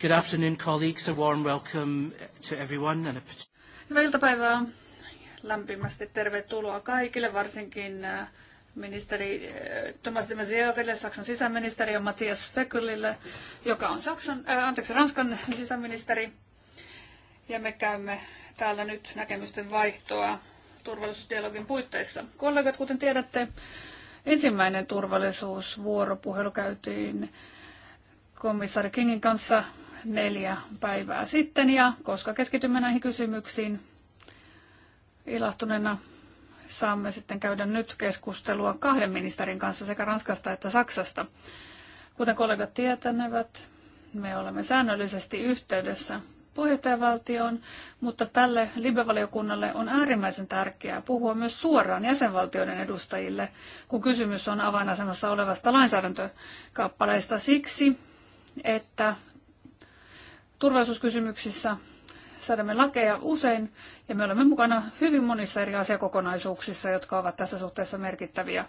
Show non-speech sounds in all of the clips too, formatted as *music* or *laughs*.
Good afternoon, colleagues. A warm welcome uh, to everyone and a Hyvää iltapäivää. Lämpimästi tervetuloa kaikille, varsinkin uh, ministeri uh, Thomas de Maizièrelle, Saksan sisäministeri ja Matthias Fekylille, joka on Saksan, äh, anteeksi, Ranskan sisäministeri. Ja me käymme täällä nyt näkemysten vaihtoa turvallisuusdialogin puitteissa. Kollegat, kuten tiedätte, ensimmäinen turvallisuusvuoropuhelu käytiin komissaari Kingin kanssa neljä päivää sitten ja koska keskitymme näihin kysymyksiin, ilahtuneena saamme sitten käydä nyt keskustelua kahden ministerin kanssa sekä Ranskasta että Saksasta. Kuten kollegat tietänevät, me olemme säännöllisesti yhteydessä puheenjohtajavaltioon, mutta tälle libevaliokunnalle on äärimmäisen tärkeää puhua myös suoraan jäsenvaltioiden edustajille, kun kysymys on avainasemassa olevasta lainsäädäntökappaleesta siksi, että turvallisuuskysymyksissä säädämme lakeja usein ja me olemme mukana hyvin monissa eri asiakokonaisuuksissa, jotka ovat tässä suhteessa merkittäviä.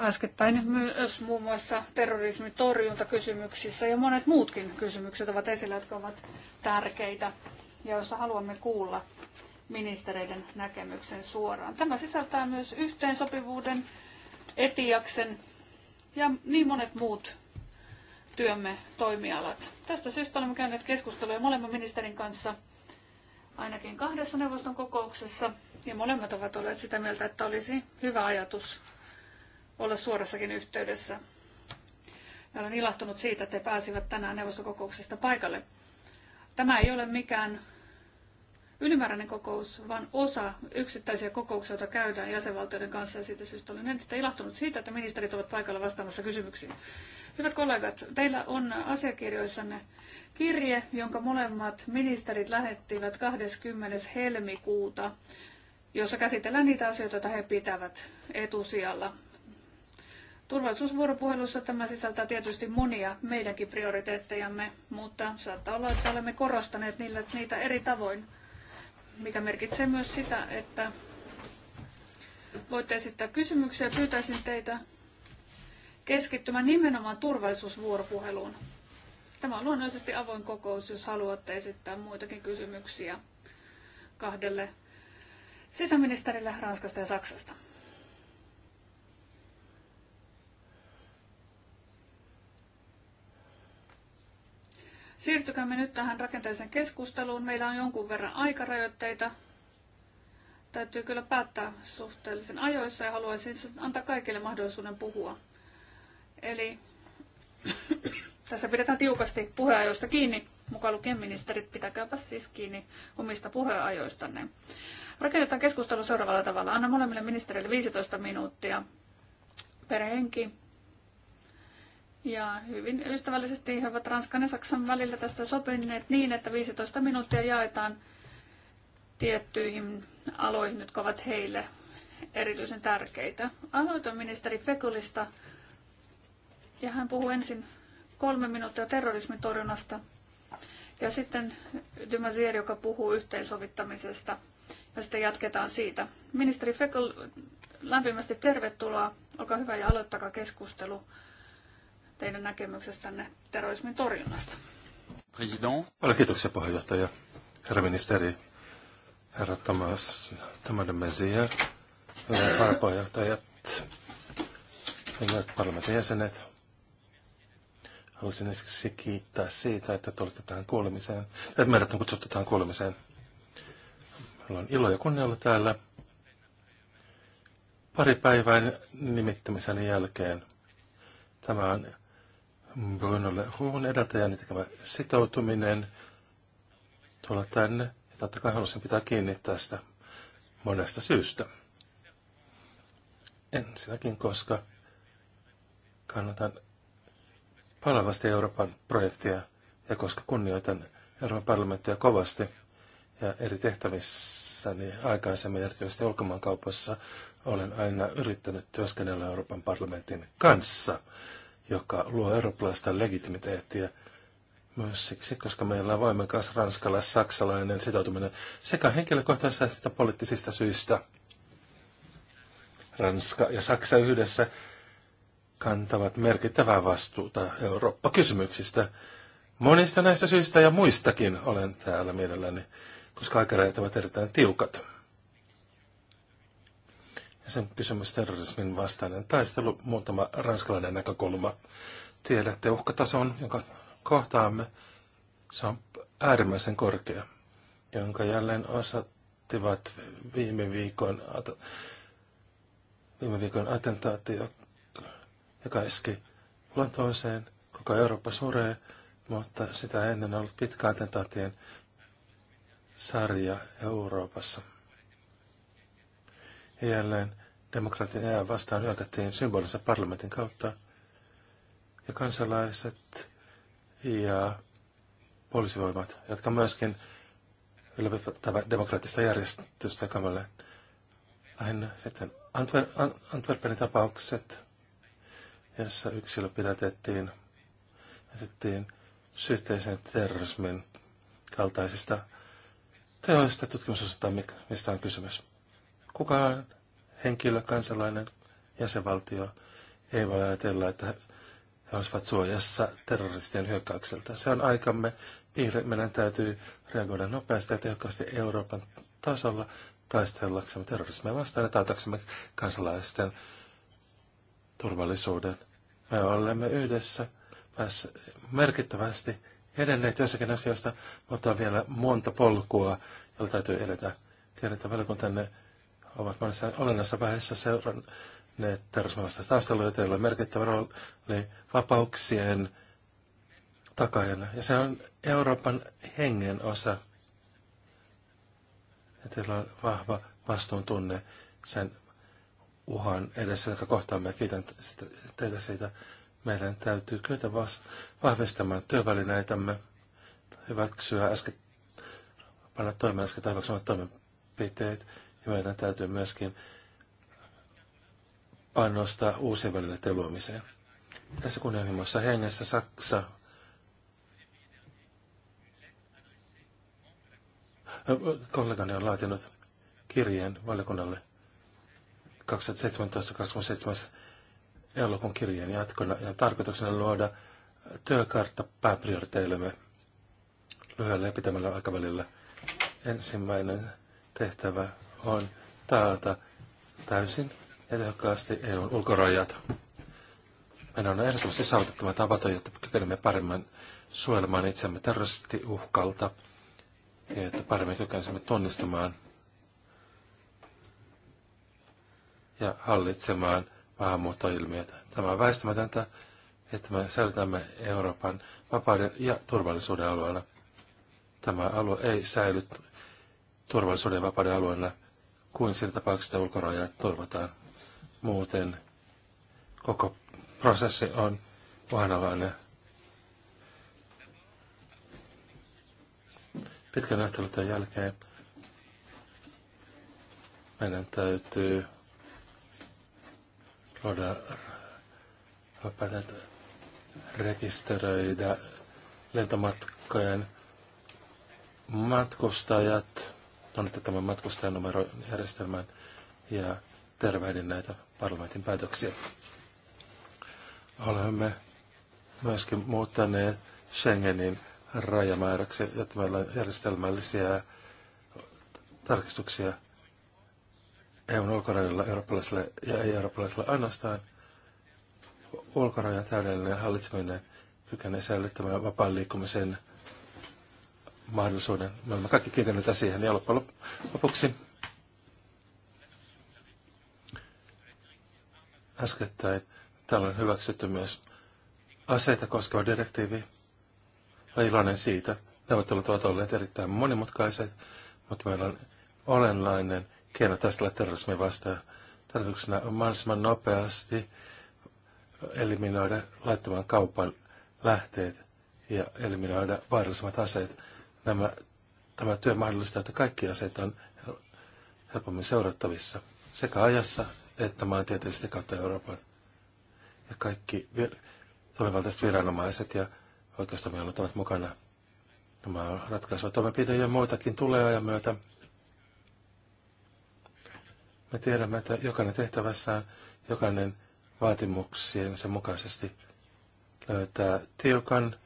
Äskettäin myös muun muassa terrorismin torjuntakysymyksissä ja monet muutkin kysymykset ovat esillä, jotka ovat tärkeitä ja joissa haluamme kuulla ministereiden näkemyksen suoraan. Tämä sisältää myös yhteensopivuuden, etiaksen ja niin monet muut työmme toimialat. Tästä syystä olemme käyneet keskusteluja molemmin ministerin kanssa ainakin kahdessa neuvoston kokouksessa. Ja molemmat ovat olleet sitä mieltä, että olisi hyvä ajatus olla suorassakin yhteydessä. Ja olen ilahtunut siitä, että he pääsivät tänään neuvostokokouksesta paikalle. Tämä ei ole mikään ylimääräinen kokous, vaan osa yksittäisiä kokouksia, joita käydään jäsenvaltioiden kanssa. Ja siitä syystä olen entistä ilahtunut siitä, että ministerit ovat paikalla vastaamassa kysymyksiin. Hyvät kollegat, teillä on asiakirjoissanne kirje, jonka molemmat ministerit lähettivät 20. helmikuuta, jossa käsitellään niitä asioita, joita he pitävät etusijalla. Turvallisuusvuoropuhelussa tämä sisältää tietysti monia meidänkin prioriteettejamme, mutta saattaa olla, että olemme korostaneet niitä eri tavoin mikä merkitsee myös sitä, että voitte esittää kysymyksiä. Pyytäisin teitä keskittymään nimenomaan turvallisuusvuoropuheluun. Tämä on luonnollisesti avoin kokous, jos haluatte esittää muitakin kysymyksiä kahdelle sisäministerille Ranskasta ja Saksasta. Siirtykäämme nyt tähän rakenteelliseen keskusteluun. Meillä on jonkun verran aikarajoitteita. Täytyy kyllä päättää suhteellisen ajoissa ja haluaisin antaa kaikille mahdollisuuden puhua. Eli *coughs* tässä pidetään tiukasti puheajoista kiinni, mukaan lukien ministerit, pitäkääpä siis kiinni omista puheajoistanne. Rakennetaan keskustelu seuraavalla tavalla. Anna molemmille ministerille 15 minuuttia per henki ja hyvin ystävällisesti he ovat Ranskan ja Saksan välillä tästä sopineet niin, että 15 minuuttia jaetaan tiettyihin aloihin, jotka ovat heille erityisen tärkeitä. Aloitan ministeri Fekulista ja hän puhuu ensin kolme minuuttia terrorismin torjunnasta ja sitten Dymasier, joka puhuu yhteensovittamisesta ja sitten jatketaan siitä. Ministeri Fekul, lämpimästi tervetuloa. Olkaa hyvä ja aloittakaa keskustelu teidän näkemyksestänne terrorismin torjunnasta. President. kiitoksia puheenjohtaja, herra ministeri, herra Thomas de Maizière, hyvät varapuheenjohtajat, hyvät parlamentin jäsenet. Haluaisin ensiksi kiittää siitä, että tulitte tähän kuulemiseen, että meidät on kutsuttu tähän kuulemiseen. Meillä on ilo ja kunnia olla täällä. Pari päivän nimittämisen jälkeen tämä on Brunolle Huun edeltäjäni tekemä sitoutuminen tulla tänne. Ja totta kai halusin pitää kiinni tästä monesta syystä. Ensinnäkin, koska kannatan palavasti Euroopan projektia ja koska kunnioitan Euroopan parlamenttia kovasti ja eri tehtävissäni aikaisemmin, erityisesti ulkomaankaupassa, olen aina yrittänyt työskennellä Euroopan parlamentin kanssa joka luo eurooppalaista legitimiteettiä myös siksi, koska meillä on voimakas ranskalais saksalainen sitoutuminen sekä henkilökohtaisista että poliittisista syistä. Ranska ja Saksa yhdessä kantavat merkittävää vastuuta Eurooppa-kysymyksistä. Monista näistä syistä ja muistakin olen täällä mielelläni, koska aikarajat ovat erittäin tiukat. Ja sen kysymys terrorismin vastainen taistelu, muutama ranskalainen näkökulma. Tiedätte uhkatason, jonka kohtaamme, se on äärimmäisen korkea, jonka jälleen osattivat viime viikon, viime viikon attentaatti, joka iski Lontooseen, koko Eurooppa suree, mutta sitä ennen ollut pitkä attentaattien sarja Euroopassa jälleen e demokratiaa vastaan hyökättiin symbolisen parlamentin kautta. Ja kansalaiset ja poliisivoimat, jotka myöskin ylläpitävät demokraattista järjestystä kamalle. Lähinnä sitten Antwer, Antwerpenin tapaukset, jossa yksilö pidätettiin, sitten syytteeseen terrorismin kaltaisista teoista tutkimusosataan, mistä on kysymys. Kukaan henkilö, kansalainen, jäsenvaltio ei voi ajatella, että he olisivat suojassa terroristien hyökkäykseltä. Se on aikamme piirre. Meidän täytyy reagoida nopeasti ja tehokkaasti Euroopan tasolla taistellaksemme terrorismia vastaan ja taataksemme kansalaisten turvallisuuden. Me olemme yhdessä merkittävästi edenneet jossakin asioista, mutta on vielä monta polkua, jolla täytyy edetä. Tiedän, että valiokuntanne tänne ovat monessa olennaisessa vaiheessa seuranneet terrorismivastaista taisteluja, joilla on merkittävä rooli vapauksien takajana. Ja se on Euroopan hengen osa. Ja teillä on vahva vastuuntunne sen uhan edessä, joka kohtaamme. Kiitän teitä siitä. Meidän täytyy kyetä vahvistamaan työvälineitämme, hyväksyä äsken, panna toimeen äsken hyväksymät toimenpiteet ja meidän täytyy myöskin panostaa uusien välineiden luomiseen. Tässä kunnianhimoisessa hengessä Saksa kollegani on laatinut kirjeen valiokunnalle 2017-27. elokuun kirjeen jatkona ja tarkoituksena luoda työkartta pääprioriteillemme lyhyellä ja pitämällä aikavälillä. Ensimmäinen tehtävä on taata täysin ja tehokkaasti EUn ulkorajat. Meidän on ehdottomasti saavutettava tavoite, jotta kykenemme paremmin suojelemaan itsemme terroristiuhkalta ja jotta paremmin kykenemme tunnistamaan ja hallitsemaan maahanmuuttoilmiötä. Tämä on väistämätöntä, että me säilytämme Euroopan vapauden ja turvallisuuden alueella. Tämä alue ei säily turvallisuuden ja vapauden alueella – kuin siinä tapauksessa ulkorajat turvataan. Muuten koko prosessi on vainalainen. Pitkän näyttelytön jälkeen meidän täytyy luoda rekisteröidä lentomatkojen matkustajat annettu tämän matkustajanumerojärjestelmän ja tervehdin näitä parlamentin päätöksiä. Olemme myöskin muuttaneet Schengenin rajamääräksi, jotta meillä on järjestelmällisiä tarkistuksia EUn ulkorajoilla eurooppalaisille ja ei-eurooppalaisille ainoastaan. Ulkorajan täydellinen hallitseminen kykenee säilyttämään vapaan liikkumisen mahdollisuuden. Me olemme kaikki kiitelleet siihen ja loppujen lopuksi äskettäin täällä on hyväksytty myös aseita koskeva direktiivi. Olen iloinen siitä. Neuvottelut ovat olleet erittäin monimutkaiset, mutta meillä on olenlainen keino taistella terrorismin vastaan. Tarkoituksena on mahdollisimman nopeasti eliminoida laittoman kaupan lähteet ja eliminoida vaarallisimmat aseet nämä, tämä työ mahdollistaa, että kaikki aseet on helpommin seurattavissa sekä ajassa että maantieteellisesti kautta Euroopan. Ja kaikki vir- toimivaltaiset viranomaiset ja oikeustoimialat ovat mukana. Nämä ratkaisuja toimenpide ja muitakin tulee ajan myötä. Me tiedämme, että jokainen tehtävässään, jokainen vaatimuksiensa mukaisesti löytää tiukan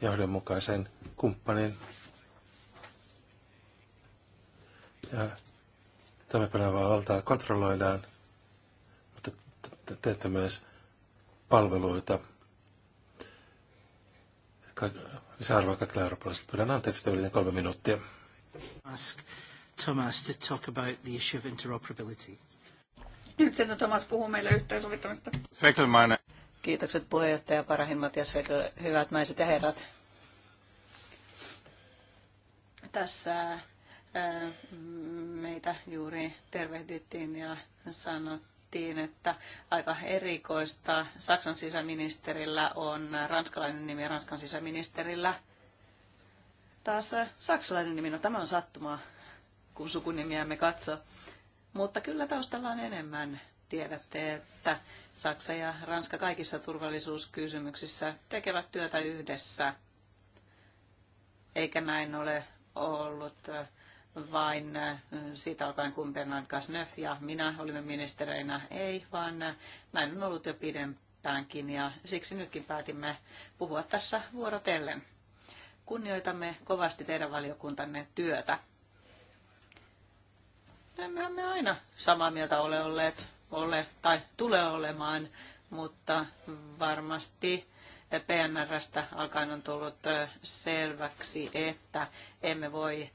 johdonmukaisen kumppanin ja toimeenpanevaa valtaa kontrolloidaan, mutta teette myös palveluita. Lisäarvoa kaikille eurooppalaisille. Pyydän anteeksi, että yritän kolme minuuttia. Ask Thomas to talk about the issue of interoperability. Nyt sieltä Thomas puhuu meille yhteensovittamista. Fekelmainen. Kiitokset puheenjohtaja Parahin Matias hyvät naiset ja herrat. Tässä äh, meitä juuri tervehdittiin ja sanottiin, että aika erikoista. Saksan sisäministerillä on ranskalainen nimi ja Ranskan sisäministerillä taas saksalainen nimi. No tämä on sattumaa, kun sukunimiämme katso. Mutta kyllä taustalla on enemmän tiedätte, että Saksa ja Ranska kaikissa turvallisuuskysymyksissä tekevät työtä yhdessä, eikä näin ole ollut äh, vain äh, siitä alkaen, kun Bernard Kasneff ja minä olimme ministereinä, ei, vaan äh, näin on ollut jo pidempäänkin ja siksi nytkin päätimme puhua tässä vuorotellen. Kunnioitamme kovasti teidän valiokuntanne työtä. Emmehän me aina samaa mieltä ole olleet ole tai tule olemaan, mutta varmasti PNRstä alkaen on tullut selväksi, että emme voi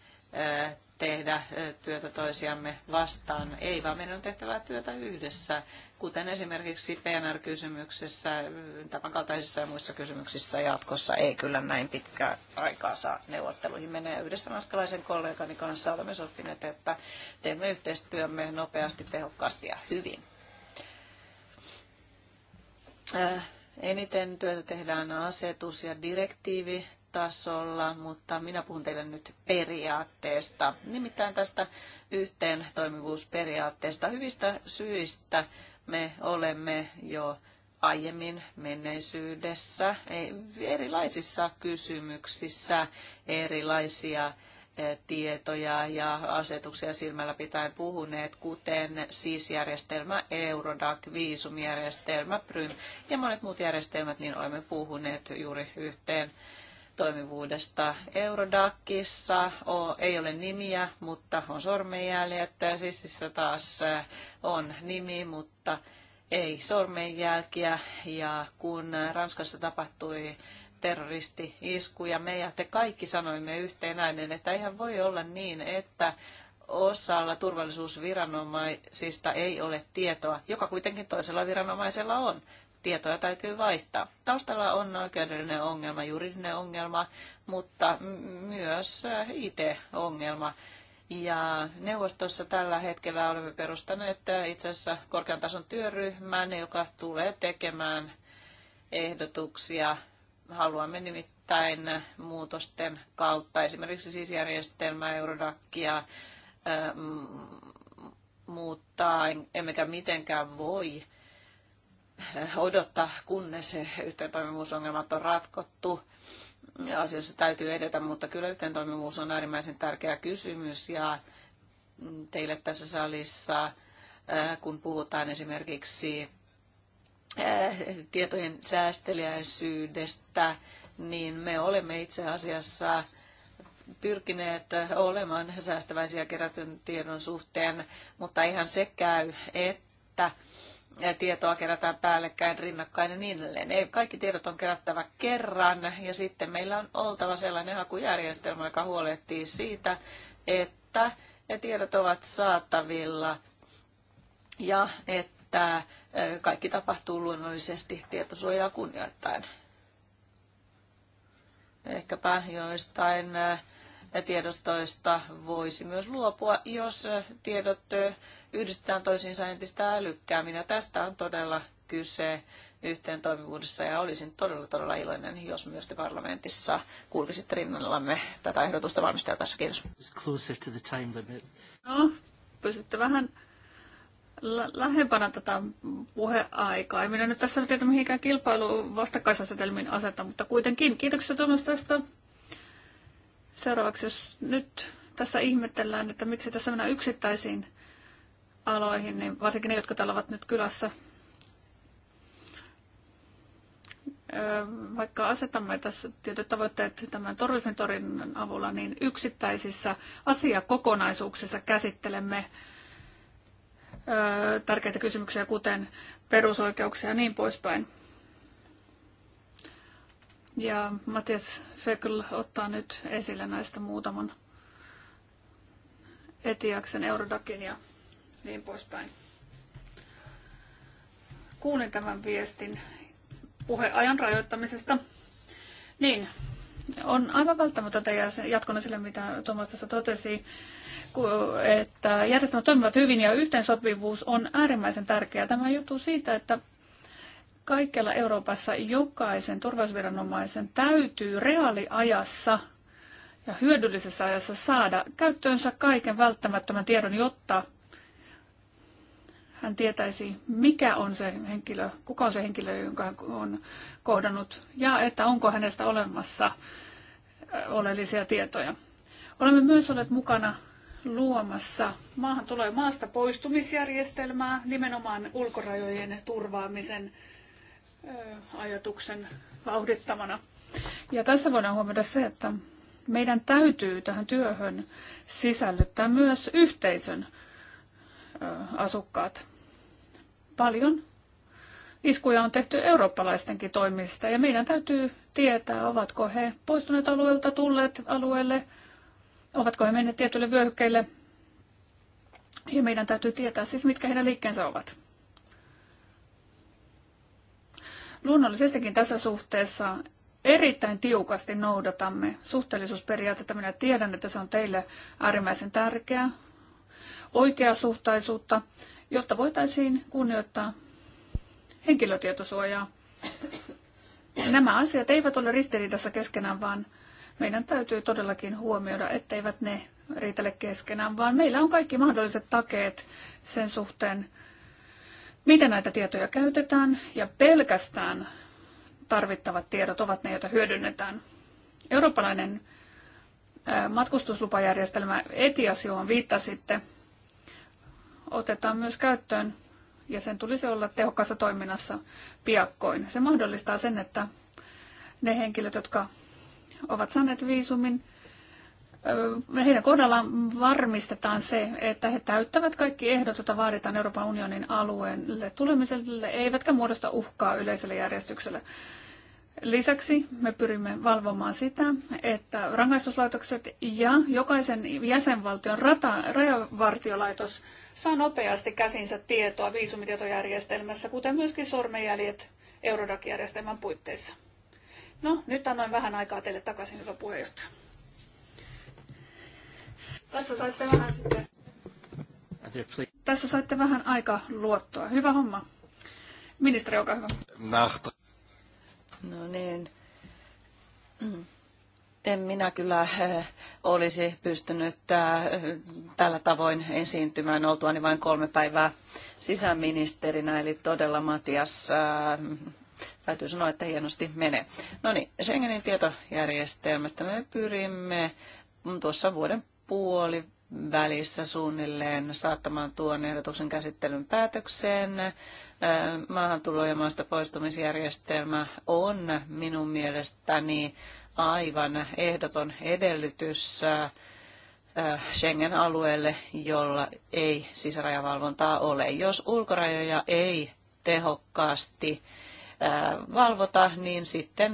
tehdä työtä toisiamme vastaan. Ei, vaan meidän on tehtävä työtä yhdessä kuten esimerkiksi PNR-kysymyksessä, tämän kaltaisissa ja muissa kysymyksissä jatkossa ei kyllä näin pitkää aikaa saa neuvotteluihin mennä. Yhdessä ranskalaisen kollegani kanssa olemme sopineet, että teemme yhteistyömme nopeasti, tehokkaasti ja hyvin. Äh, eniten työtä tehdään asetus- ja tasolla, mutta minä puhun teille nyt periaatteesta, nimittäin tästä yhteen toimivuusperiaatteesta hyvistä syistä me olemme jo aiemmin menneisyydessä e, erilaisissa kysymyksissä erilaisia e, tietoja ja asetuksia silmällä pitäen puhuneet, kuten SIS-järjestelmä, Eurodac, viisumijärjestelmä, Prym ja monet muut järjestelmät, niin olemme puhuneet juuri yhteen toimivuudesta. Eurodakissa ei ole nimiä, mutta on sormenjäljet. Sississä taas eh, on nimi, mutta ei sormenjälkiä. Ja kun Ranskassa tapahtui terroristi-isku ja me ja te kaikki sanoimme yhteen äänen, että eihän voi olla niin, että osalla turvallisuusviranomaisista ei ole tietoa, joka kuitenkin toisella viranomaisella on tietoja täytyy vaihtaa. Taustalla on oikeudellinen ongelma, juridinen ongelma, mutta myös äh, IT-ongelma. Ja neuvostossa tällä hetkellä olemme perustaneet äh, itse asiassa korkean tason työryhmän, joka tulee tekemään ehdotuksia. Haluamme nimittäin muutosten kautta esimerkiksi siis järjestelmää, Eurodakkia äh, muuttaa, emmekä mitenkään voi odottaa, kunnes yhteentoimivuusongelmat on ratkottu. Asioissa täytyy edetä, mutta kyllä yhteentoimivuus on äärimmäisen tärkeä kysymys ja teille tässä salissa, äh, kun puhutaan esimerkiksi äh, tietojen säästeliäisyydestä, niin me olemme itse asiassa pyrkineet olemaan säästäväisiä kerätyn tiedon suhteen, mutta ihan se käy, että tietoa kerätään päällekkäin, rinnakkain ja niin edelleen. Ei, kaikki tiedot on kerättävä kerran ja sitten meillä on oltava sellainen hakujärjestelmä, joka huolehtii siitä, että tiedot ovat saatavilla ja että kaikki tapahtuu luonnollisesti tietosuojaa kunnioittain. Ehkäpä joistain tiedostoista voisi myös luopua, jos tiedot yhdistetään toisiinsa entistä älykkäämmin. Ja tästä on todella kyse yhteen toimivuudessa ja olisin todella todella iloinen, jos myös te parlamentissa kulkisitte rinnallamme tätä ehdotusta valmisteltaessa. Kiitos. No, pysytte vähän lä- lähempänä tätä puheaikaa. minä nyt tässä tiedä mihinkään kilpailu vastakkaisasetelmiin aseta, mutta kuitenkin kiitoksia Tuomas tästä. Seuraavaksi, jos nyt tässä ihmetellään, että miksi tässä mennään yksittäisiin aloihin, niin varsinkin ne, jotka täällä ovat nyt kylässä. Vaikka asetamme tässä tietyt tavoitteet tämän terrorismin avulla, niin yksittäisissä asiakokonaisuuksissa käsittelemme tärkeitä kysymyksiä, kuten perusoikeuksia ja niin poispäin. Ja Matias Fekl ottaa nyt esille näistä muutaman Etiaksen, Eurodakin ja niin poispäin. Kuulin tämän viestin puheajan rajoittamisesta. Niin, on aivan välttämätöntä jatkona sille, mitä Tomas tässä totesi, että järjestelmät toimivat hyvin ja yhteensopivuus on äärimmäisen tärkeää. Tämä juttu siitä, että kaikkialla Euroopassa jokaisen turvallisuusviranomaisen täytyy reaaliajassa ja hyödyllisessä ajassa saada käyttöönsä kaiken välttämättömän tiedon, jotta hän tietäisi, mikä on se henkilö, kuka on se henkilö, jonka hän on kohdannut, ja että onko hänestä olemassa äh, oleellisia tietoja. Olemme myös olleet mukana luomassa maahan tulee maasta poistumisjärjestelmää nimenomaan ulkorajojen turvaamisen äh, ajatuksen vauhdittamana. Ja tässä voidaan huomata se, että meidän täytyy tähän työhön sisällyttää myös yhteisön äh, asukkaat. Paljon iskuja on tehty eurooppalaistenkin toimista ja meidän täytyy tietää, ovatko he poistuneet alueelta, tulleet alueelle, ovatko he menneet tietyille vyöhykkeille. Ja meidän täytyy tietää siis, mitkä heidän liikkeensä ovat. Luonnollisestikin tässä suhteessa erittäin tiukasti noudatamme suhteellisuusperiaatetta. Minä tiedän, että se on teille äärimmäisen tärkeää. Oikeasuhtaisuutta. suhtaisuutta jotta voitaisiin kunnioittaa henkilötietosuojaa. Nämä asiat eivät ole ristiriidassa keskenään, vaan meidän täytyy todellakin huomioida, etteivät ne riitele keskenään, vaan meillä on kaikki mahdolliset takeet sen suhteen, miten näitä tietoja käytetään ja pelkästään tarvittavat tiedot ovat ne, joita hyödynnetään. Eurooppalainen matkustuslupajärjestelmä ETIAS, johon viittasitte, otetaan myös käyttöön ja sen tulisi olla tehokkaassa toiminnassa piakkoin. Se mahdollistaa sen, että ne henkilöt, jotka ovat saaneet viisumin, heidän kohdallaan varmistetaan se, että he täyttävät kaikki ehdot, joita vaaditaan Euroopan unionin alueelle tulemiselle, eivätkä muodosta uhkaa yleiselle järjestykselle. Lisäksi me pyrimme valvomaan sitä, että rangaistuslaitokset ja jokaisen jäsenvaltion rata, rajavartiolaitos saa nopeasti käsinsä tietoa viisumitietojärjestelmässä, kuten myöskin sormenjäljet Eurodac-järjestelmän puitteissa. No, nyt annoin vähän aikaa teille takaisin, hyvä puheenjohtaja. Tässä saitte vähän sitten... Tässä saitte vähän aika luottoa. Hyvä homma. Ministeri, olkaa hyvä. No niin. En minä kyllä eh, olisi pystynyt eh, tällä tavoin esiintymään oltuani vain kolme päivää sisäministerinä, eli todella Matias, eh, täytyy sanoa, että hienosti menee. No niin, Schengenin tietojärjestelmästä me pyrimme tuossa vuoden puoli välissä suunnilleen saattamaan tuon ehdotuksen käsittelyn päätökseen maahantulo- ja maasta poistumisjärjestelmä on minun mielestäni aivan ehdoton edellytys Schengen-alueelle, jolla ei sisärajavalvontaa ole. Jos ulkorajoja ei tehokkaasti valvota, niin sitten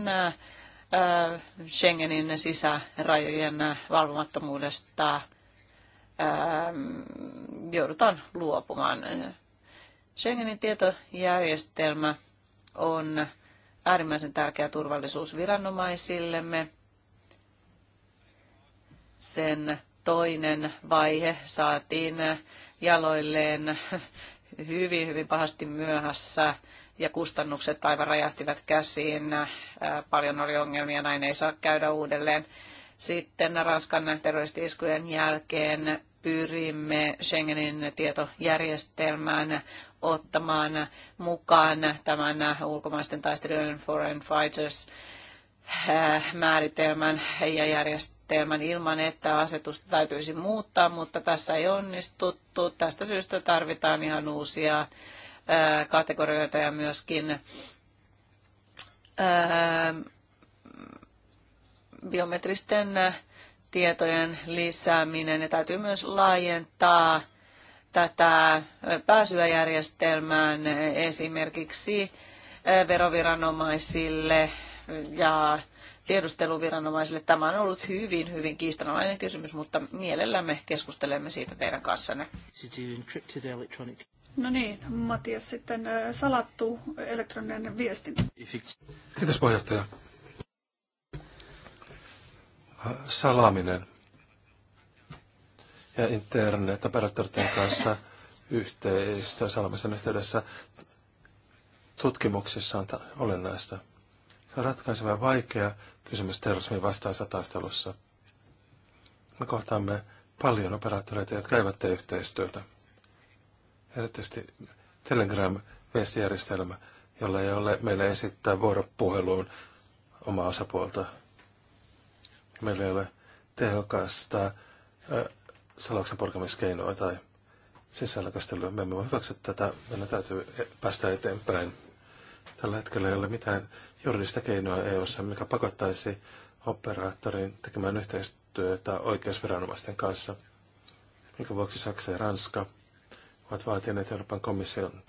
Schengenin sisärajojen valvomattomuudesta joudutaan luopumaan. Schengenin tietojärjestelmä on äärimmäisen tärkeä turvallisuusviranomaisillemme. Sen toinen vaihe saatiin jaloilleen hyvin, hyvin pahasti myöhässä ja kustannukset aivan räjähtivät käsiin. Paljon oli ongelmia, näin ei saa käydä uudelleen. Sitten Ranskan terroristi-iskujen jälkeen pyrimme Schengenin tietojärjestelmään ottamaan mukaan tämän ulkomaisten taistelijoiden Foreign Fighters äh, määritelmän ja järjestelmän ilman, että asetusta täytyisi muuttaa, mutta tässä ei onnistuttu. Tästä syystä tarvitaan ihan uusia äh, kategorioita ja myöskin äh, biometristen tietojen lisääminen ja täytyy myös laajentaa tätä pääsyä järjestelmään esimerkiksi veroviranomaisille ja tiedusteluviranomaisille. Tämä on ollut hyvin, hyvin kiistanalainen kysymys, mutta mielellämme keskustelemme siitä teidän kanssanne. No niin, Matias, sitten äh, salattu elektroninen viestintä. Kiitos puheenjohtaja. Äh, salaaminen ja internet-operaattorien kanssa yhteistä salamisen yhteydessä tutkimuksissa on olennaista. Se on ratkaiseva ja vaikea kysymys terrorismin vastaansa taistelussa. Me kohtaamme paljon operaattoreita, jotka eivät tee yhteistyötä. Erityisesti Telegram-viestijärjestelmä, jolla ei ole meillä esittää vuoropuheluun omaa osapuolta. Meillä ei ole tehokasta salauksen purkamiskeinoa tai sisälläkastelua. Me emme voi hyväksyä tätä. Meidän täytyy e- päästä eteenpäin. Tällä hetkellä ei ole mitään juridista keinoa EU:ssa, mikä pakottaisi operaattorin tekemään yhteistyötä oikeusviranomaisten kanssa, minkä vuoksi Saksa ja Ranska ovat vaatineet Euroopan komission,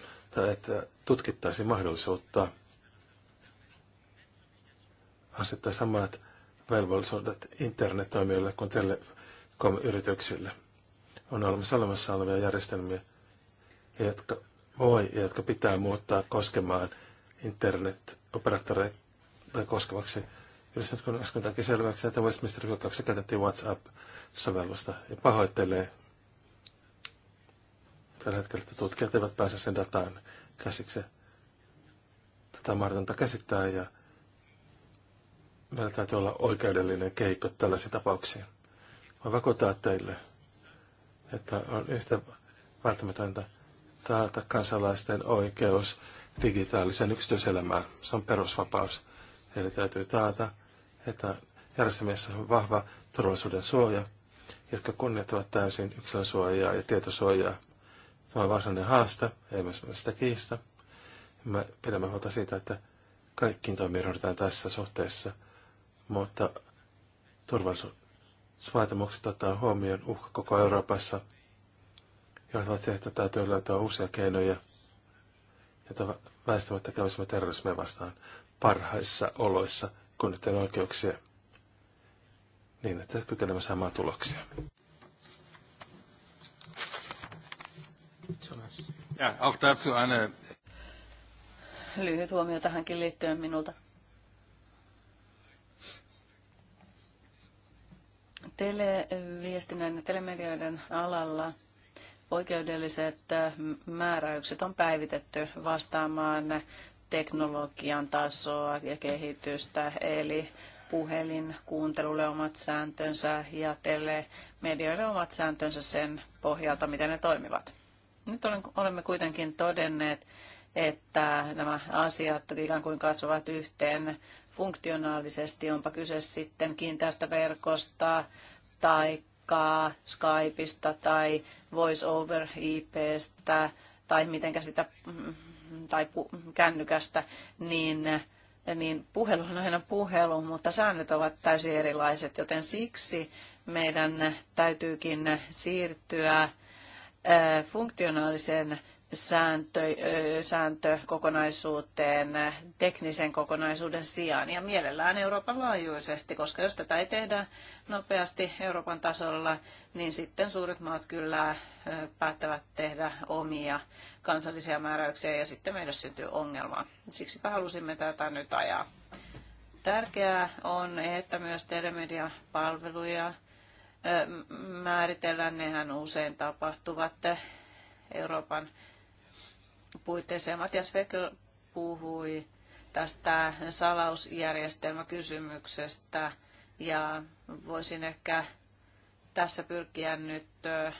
että tutkittaisiin mahdollisuutta asettaa samat velvollisuudet internettoimijoille kuin tele- yrityksille. On olemassa olemassa olevia järjestelmiä, jotka voi ja jotka pitää muuttaa koskemaan internet-operaattoreita koskevaksi. kun äsken teki selväksi, että Westminster 2 käytettiin WhatsApp-sovellusta ja pahoittelee tällä hetkellä, että tutkijat eivät pääse sen dataan käsiksi. Tätä mahdotonta käsittää ja meillä täytyy olla oikeudellinen keikko tällaisiin tapauksiin. Mä vakuutan teille, että on yhtä välttämätöntä taata kansalaisten oikeus digitaaliseen yksityiselämään. Se on perusvapaus. Eli täytyy taata, että järjestelmissä on vahva turvallisuuden suoja, jotka kunnioittavat täysin yksilön suojaa ja tietosuojaa. Tämä on varsinainen haaste, myöskään sitä kiistä. Me pidämme huolta siitä, että kaikkiin toimiin tässä suhteessa, mutta turvallisuus vaatimukset ottaa huomioon uhka koko Euroopassa, johtavat siihen, että täytyy löytää uusia keinoja, joita väistämättä kävisimme terrorismia vastaan parhaissa oloissa kunnioittain oikeuksia niin, että kykenemme saamaan tuloksia. Ja, auch dazu eine... Lyhyt huomio tähänkin liittyen minulta. televiestinnän ja telemedioiden alalla oikeudelliset määräykset on päivitetty vastaamaan teknologian tasoa ja kehitystä, eli puhelin kuuntelulle omat sääntönsä ja telemedioille omat sääntönsä sen pohjalta, miten ne toimivat. Nyt olemme kuitenkin todenneet, että nämä asiat ikään kuin kasvavat yhteen funktionaalisesti, onpa kyse sitten kiinteästä verkosta tai Skypeista tai voice over IPstä tai mitenkä sitä tai kännykästä, niin, niin puhelu on aina puhelu, mutta säännöt ovat täysin erilaiset, joten siksi meidän täytyykin siirtyä funktionaaliseen sääntö, sääntökokonaisuuteen teknisen kokonaisuuden sijaan ja mielellään Euroopan laajuisesti, koska jos tätä ei tehdä nopeasti Euroopan tasolla, niin sitten suuret maat kyllä päättävät tehdä omia kansallisia määräyksiä ja sitten meille syntyy ongelma. Siksipä halusimme tätä nyt ajaa. Tärkeää on, että myös telemediapalveluja määritellään. Nehän usein tapahtuvat Euroopan Puitteissa Matias Fekel puhui tästä salausjärjestelmäkysymyksestä ja voisin ehkä tässä pyrkiä nyt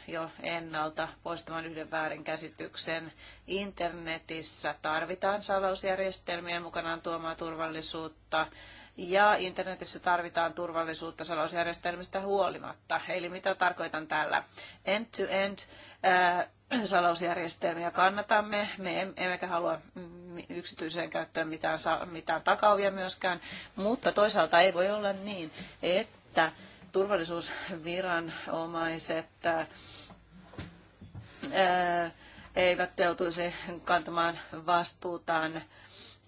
jo ennalta poistamaan yhden väärinkäsityksen. Internetissä tarvitaan salausjärjestelmien mukanaan tuomaa turvallisuutta ja internetissä tarvitaan turvallisuutta salausjärjestelmistä huolimatta. Eli mitä tarkoitan tällä? End-to-end -end, salausjärjestelmiä kannatamme. Me emmekä halua mm, yksityiseen käyttöön mitään, mitään takauvia myöskään, mutta toisaalta ei voi olla niin, että turvallisuusviranomaiset eivät joutuisi kantamaan vastuutaan.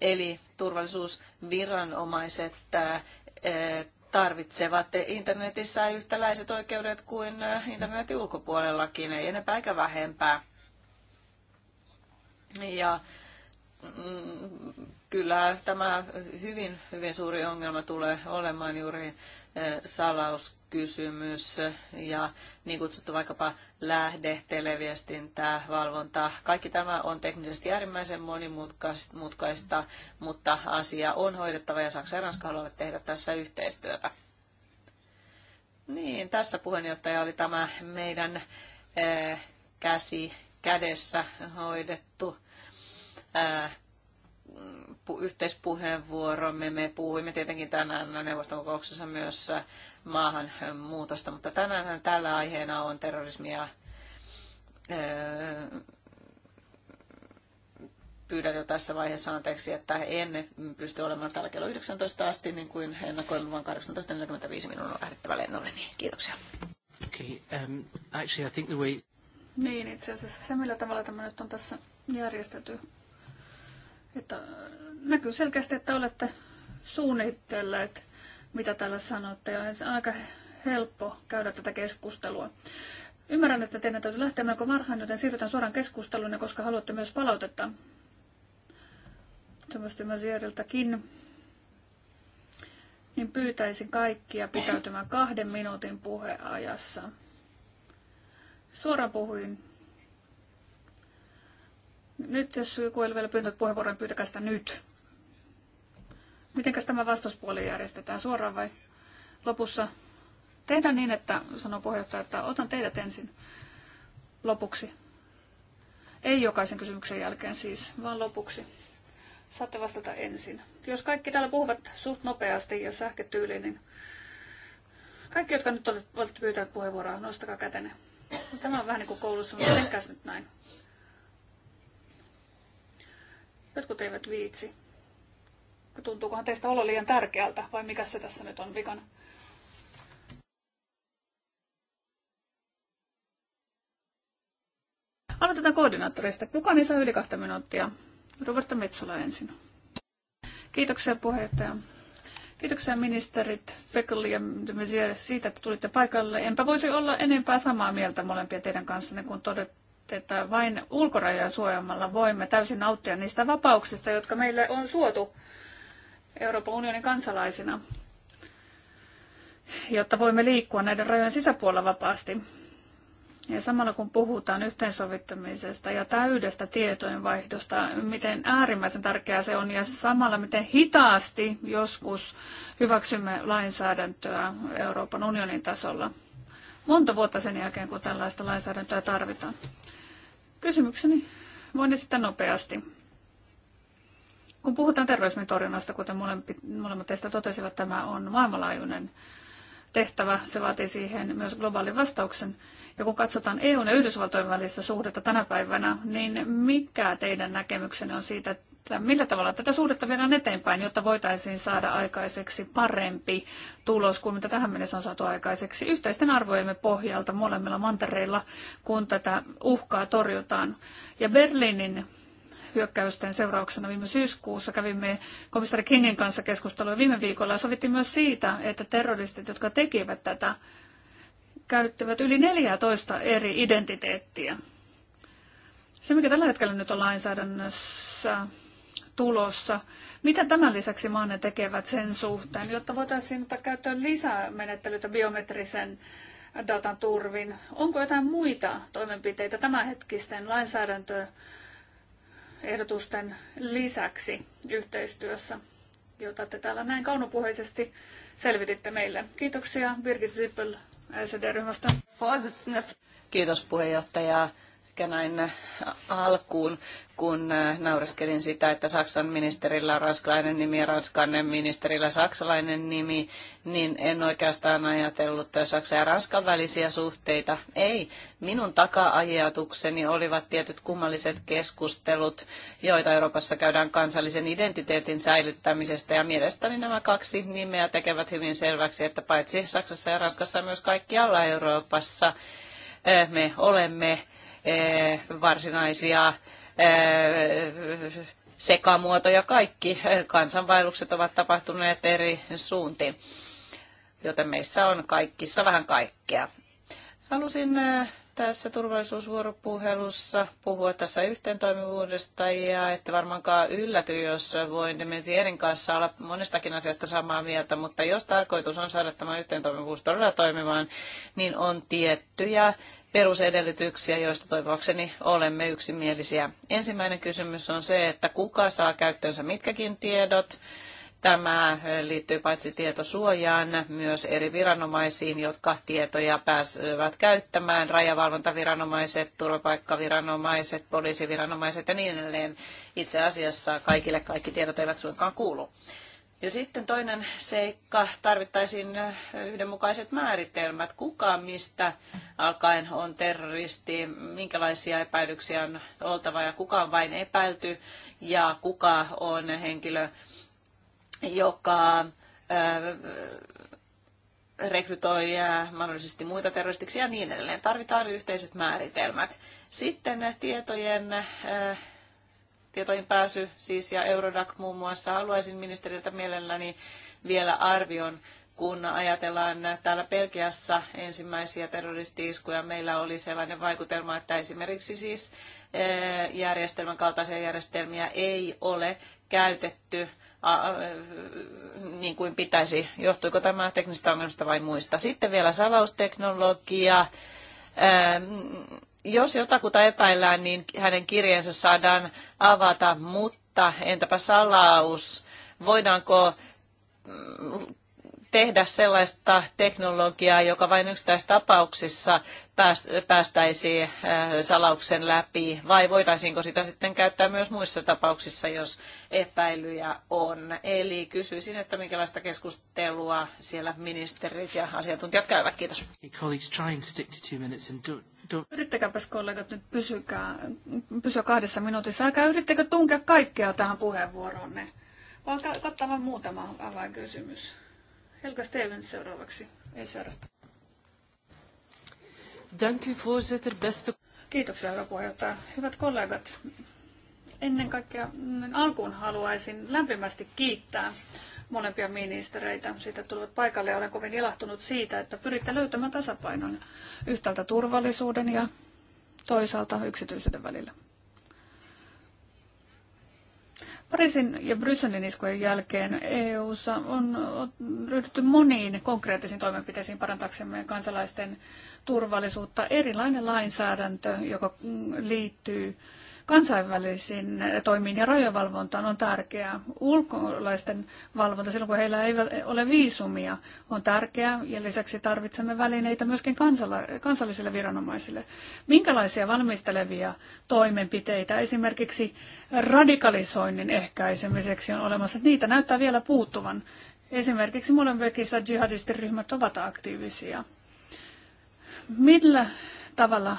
Eli turvallisuusviranomaiset tarvitsevat internetissä yhtäläiset oikeudet kuin internetin ulkopuolellakin, ei enempää eikä vähempää. Ja mm, kyllä tämä hyvin, hyvin suuri ongelma tulee olemaan juuri eh, salauskysymys ja niin kutsuttu vaikkapa lähde, televiestintä, valvonta. Kaikki tämä on teknisesti äärimmäisen monimutkaista, mutta asia on hoidettava ja Saksa ja Ranska haluavat tehdä tässä yhteistyötä. Niin, tässä puheenjohtaja oli tämä meidän eh, käsi kädessä hoidettu eh, yhteispuheenvuoromme. Me puhuimme tietenkin tänään neuvostokokouksessa myös maahanmuutosta, mutta tänään tällä aiheena on terrorismia. Pyydän jo tässä vaiheessa anteeksi, että en pysty olemaan täällä kello 19 asti, niin kuin ennakoimme, vain 18.45 minun on lähdettävä lennolle. Niin kiitoksia. Okay, um, actually I think the way... Niin, itse asiassa se, millä tavalla tämä nyt on tässä järjestetty, että näkyy selkeästi, että olette suunnitelleet, mitä täällä sanotte, ja on aika helppo käydä tätä keskustelua. Ymmärrän, että teidän täytyy lähteä melko varhain, joten siirrytään suoraan keskusteluun, koska haluatte myös palautetta Sebastian niin pyytäisin kaikkia pitäytymään kahden minuutin puheajassa. Suoraan puhuin nyt jos joku ei vielä pyyntänyt puheenvuoroa, pyytäkää sitä nyt. Mitenkäs tämä vastauspuoli järjestetään suoraan vai lopussa? Tehdään niin, että sanoo puheenjohtaja, että otan teidät ensin lopuksi. Ei jokaisen kysymyksen jälkeen siis, vaan lopuksi. Saatte vastata ensin. Jos kaikki täällä puhuvat suht nopeasti ja sähkötyyliin, niin kaikki, jotka nyt olette pyytäneet puheenvuoroa, nostakaa kätenne. Tämä on vähän niin kuin koulussa, mutta tehkääs nyt näin. Jotkut eivät viitsi. Tuntuukohan teistä olla liian tärkeältä vai mikä se tässä nyt on vikana? Aloitetaan koordinaattoreista. Kukaan ei saa yli kahta minuuttia. Roberta Metsola ensin. Kiitoksia puheenjohtaja. Kiitoksia ministerit Fekli ja de Maizière siitä, että tulitte paikalle. Enpä voisi olla enempää samaa mieltä molempia teidän kanssanne, kun todettiin että vain ulkorajoja suojamalla voimme täysin nauttia niistä vapauksista, jotka meille on suotu Euroopan unionin kansalaisina, jotta voimme liikkua näiden rajojen sisäpuolella vapaasti. Ja samalla kun puhutaan yhteensovittamisesta ja täydestä tietojenvaihdosta, miten äärimmäisen tärkeää se on ja samalla miten hitaasti joskus hyväksymme lainsäädäntöä Euroopan unionin tasolla. Monta vuotta sen jälkeen, kun tällaista lainsäädäntöä tarvitaan. Kysymykseni voin esittää nopeasti. Kun puhutaan terrorismin torjunnasta, kuten molemmat teistä totesivat, tämä on maailmanlaajuinen tehtävä. Se vaatii siihen myös globaalin vastauksen. Ja kun katsotaan EUn ja Yhdysvaltojen välistä suhdetta tänä päivänä, niin mikä teidän näkemyksenne on siitä, että millä tavalla tätä suhdetta viedään eteenpäin, jotta voitaisiin saada aikaiseksi parempi tulos kuin mitä tähän mennessä on saatu aikaiseksi yhteisten arvojemme pohjalta molemmilla mantereilla, kun tätä uhkaa torjutaan. Ja Berliinin hyökkäysten seurauksena viime syyskuussa kävimme komissari Kingin kanssa keskustelua viime viikolla ja sovittiin myös siitä, että terroristit, jotka tekivät tätä, käyttävät yli 14 eri identiteettiä. Se, mikä tällä hetkellä nyt on lainsäädännössä, tulossa. Mitä tämän lisäksi maanne tekevät sen suhteen, jotta voitaisiin ottaa käyttöön lisää menettelyitä biometrisen datan turvin? Onko jotain muita toimenpiteitä tämänhetkisten lainsäädäntöehdotusten lisäksi yhteistyössä, jota te täällä näin kaunopuheisesti selvititte meille? Kiitoksia Birgit Zippel, SD-ryhmästä. Kiitos puheenjohtaja ehkä näin äh, alkuun, kun äh, naureskelin sitä, että Saksan ministerillä on ranskalainen nimi ja Ranskan ministerillä saksalainen nimi, niin en oikeastaan ajatellut äh, Saksan ja Ranskan välisiä suhteita. Ei, minun taka-ajatukseni olivat tietyt kummalliset keskustelut, joita Euroopassa käydään kansallisen identiteetin säilyttämisestä, ja mielestäni nämä kaksi nimeä tekevät hyvin selväksi, että paitsi Saksassa ja Ranskassa myös kaikkialla Euroopassa me olemme Eh, varsinaisia eh, sekamuotoja kaikki. Eh, kansanvaellukset ovat tapahtuneet eri suuntiin, joten meissä on kaikissa vähän kaikkea. Halusin tässä turvallisuusvuoropuhelussa puhua tässä yhteentoimivuudesta ja että varmaankaan ylläty, jos voin Demensierin kanssa olla monestakin asiasta samaa mieltä, mutta jos tarkoitus on saada tämä yhteentoimivuus todella toimimaan, niin on tiettyjä perusedellytyksiä, joista toivokseni olemme yksimielisiä. Ensimmäinen kysymys on se, että kuka saa käyttöönsä mitkäkin tiedot, Tämä liittyy paitsi tietosuojaan myös eri viranomaisiin, jotka tietoja pääsevät käyttämään, rajavalvontaviranomaiset, turvapaikkaviranomaiset, poliisiviranomaiset ja niin edelleen. Itse asiassa kaikille kaikki tiedot eivät suinkaan kuulu. Ja sitten toinen seikka, tarvittaisiin yhdenmukaiset määritelmät, kuka mistä alkaen on terroristi, minkälaisia epäilyksiä on oltava ja kuka on vain epäilty ja kuka on henkilö, joka rekrytoi mahdollisesti muita terroristiksi ja niin edelleen. Tarvitaan yhteiset määritelmät. Sitten tietojen, tietoihin pääsy siis ja Eurodac muun muassa. Haluaisin ministeriltä mielelläni vielä arvion, kun ajatellaan täällä Belgiassa ensimmäisiä terroristiiskuja. Meillä oli sellainen vaikutelma, että esimerkiksi siis järjestelmän kaltaisia järjestelmiä ei ole käytetty niin kuin pitäisi. Johtuiko tämä teknistä ongelmista vai muista? Sitten vielä salausteknologia. Jos jotakuta epäillään, niin hänen kirjeensä saadaan avata, mutta entäpä salaus? Voidaanko tehdä sellaista teknologiaa, joka vain tapauksissa päästäisi äh, salauksen läpi, vai voitaisiinko sitä sitten käyttää myös muissa tapauksissa, jos epäilyjä on. Eli kysyisin, että minkälaista keskustelua siellä ministerit ja asiantuntijat käyvät. Kiitos. Yrittäkääpäs kollegat nyt pysykää, pysyä kahdessa minuutissa. Älkää yrittäkö tunkea kaikkea tähän puheenvuoroonne. Vaan kattaa vain muutama avainkysymys. Helga Stevens seuraavaksi. Ei seurasta. Dank u voorzitter, beste... Kiitoksia, hyvä puheenjohtaja. Hyvät kollegat, ennen kaikkea mm, alkuun haluaisin lämpimästi kiittää molempia ministereitä. Siitä tulevat paikalle ja olen kovin ilahtunut siitä, että pyritte löytämään tasapainon yhtäältä turvallisuuden ja toisaalta yksityisyyden välillä. Pariisin ja Brysselin iskujen jälkeen EU:ssa on ryhdytty moniin konkreettisiin toimenpiteisiin parantaaksemme kansalaisten turvallisuutta. Erilainen lainsäädäntö, joka mm, liittyy kansainvälisiin toimiin ja rajavalvontaan on tärkeää. Ulkolaisten valvonta silloin, kun heillä ei ole viisumia, on tärkeää ja lisäksi tarvitsemme välineitä myöskin kansala- kansallisille viranomaisille. Minkälaisia valmistelevia toimenpiteitä esimerkiksi radikalisoinnin ehkäisemiseksi on olemassa? Niitä näyttää vielä puuttuvan. Esimerkiksi Molenbekissä jihadistiryhmät ovat aktiivisia. Millä tavalla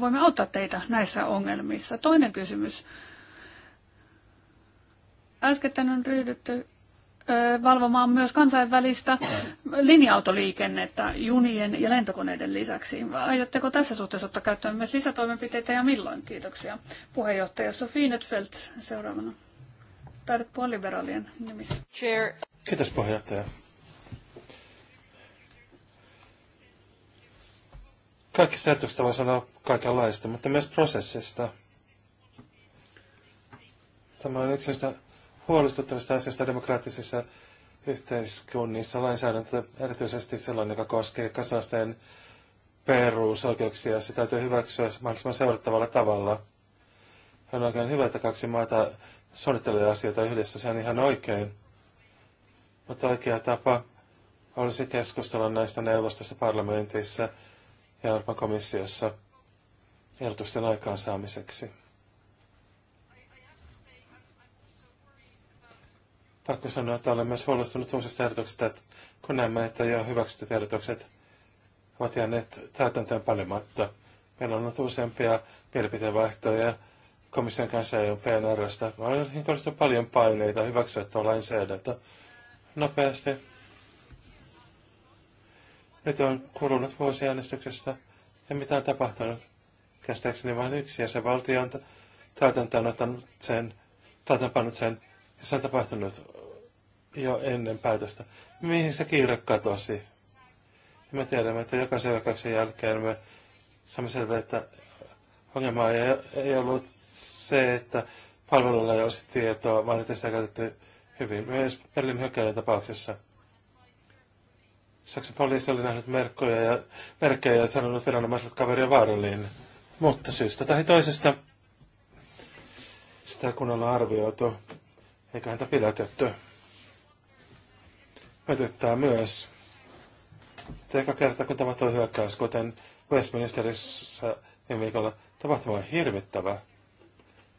voimme auttaa teitä näissä ongelmissa. Toinen kysymys. Äskettäin on ryhdytty valvomaan myös kansainvälistä linja-autoliikennettä junien ja lentokoneiden lisäksi. Aiotteko tässä suhteessa ottaa käyttöön myös lisätoimenpiteitä ja milloin? Kiitoksia. Puheenjohtaja Sofi Netfeldt seuraavana. Taidat liberaalien nimissä. Chair. Kiitos puheenjohtaja. Kaikista ajatuksista voi sanoa kaikenlaista, mutta myös prosessista. Tämä on yksi huolestuttavista asioista demokraattisissa yhteiskunnissa lainsäädäntö, erityisesti sellainen, joka koskee kansalaisten perusoikeuksia. Se täytyy hyväksyä mahdollisimman seurattavalla tavalla. On oikein hyvä, että kaksi maata suunnittelee asioita yhdessä, se on ihan oikein. Mutta oikea tapa olisi keskustella näistä neuvostossa parlamentissa – Euroopan komissiossa ehdotusten aikaansaamiseksi. Pakko sanoa, että olen myös huolestunut uusista ehdotuksista, kun näemme, että jo hyväksytyt ehdotukset ovat jääneet täytäntöön paljonmatta. Meillä on ollut useampia mielipiteenvaihtoja komission kanssa ja PNRstä. Olen kohdistunut paljon paineita hyväksyä tuo lainsäädäntö nopeasti nyt on kulunut vuosi äänestyksestä ja mitä on tapahtunut? Käsittääkseni vain yksi ja se valtio on täytäntöön ottanut sen, täytäntöön sen ja se on tapahtunut jo ennen päätöstä. Mihin se kiire katosi? Ja me tiedämme, että jokaisen jokaisen jälkeen me saamme selville, että ongelma ei, ei ollut se, että palvelulla ei olisi tietoa, vaan että sitä käytetty hyvin. Myös Berlin hyökkäjän tapauksessa – Saksan poliisi oli nähnyt merkkoja ja, merkkejä ja sanonut viranomaiselle, kaveria kaveri vaarallinen. Mutta syystä tai toisesta sitä kun ollaan arvioitu, eikä häntä pidätetty. Mötyttää myös, Teka kerta kun tapahtui hyökkäys, kuten Westminsterissä viime viikolla, tapahtuma on hirvittävä.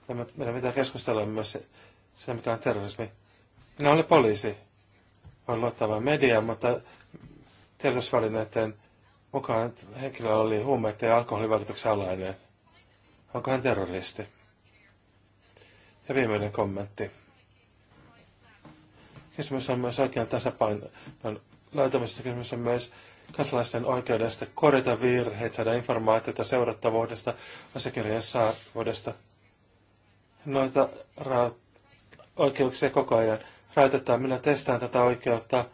tämä meidän pitää keskustella myös se, mikä on terrorismi. Minä olen poliisi. Voin luottaa vain mediaan, mutta terveysvälineiden mukaan henkilö oli huumeiden ja alkoholivaikutuksen alainen. Onko hän terroristi? Ja viimeinen kommentti. Kysymys on myös oikean tasapainon löytämisestä. Kysymys on myös kansalaisten oikeudesta korjata virheitä, saada informaatiota seurattavuudesta, asiakirjojen saavuudesta. Noita ra- oikeuksia koko ajan rajoitetaan. Minä testaan tätä oikeutta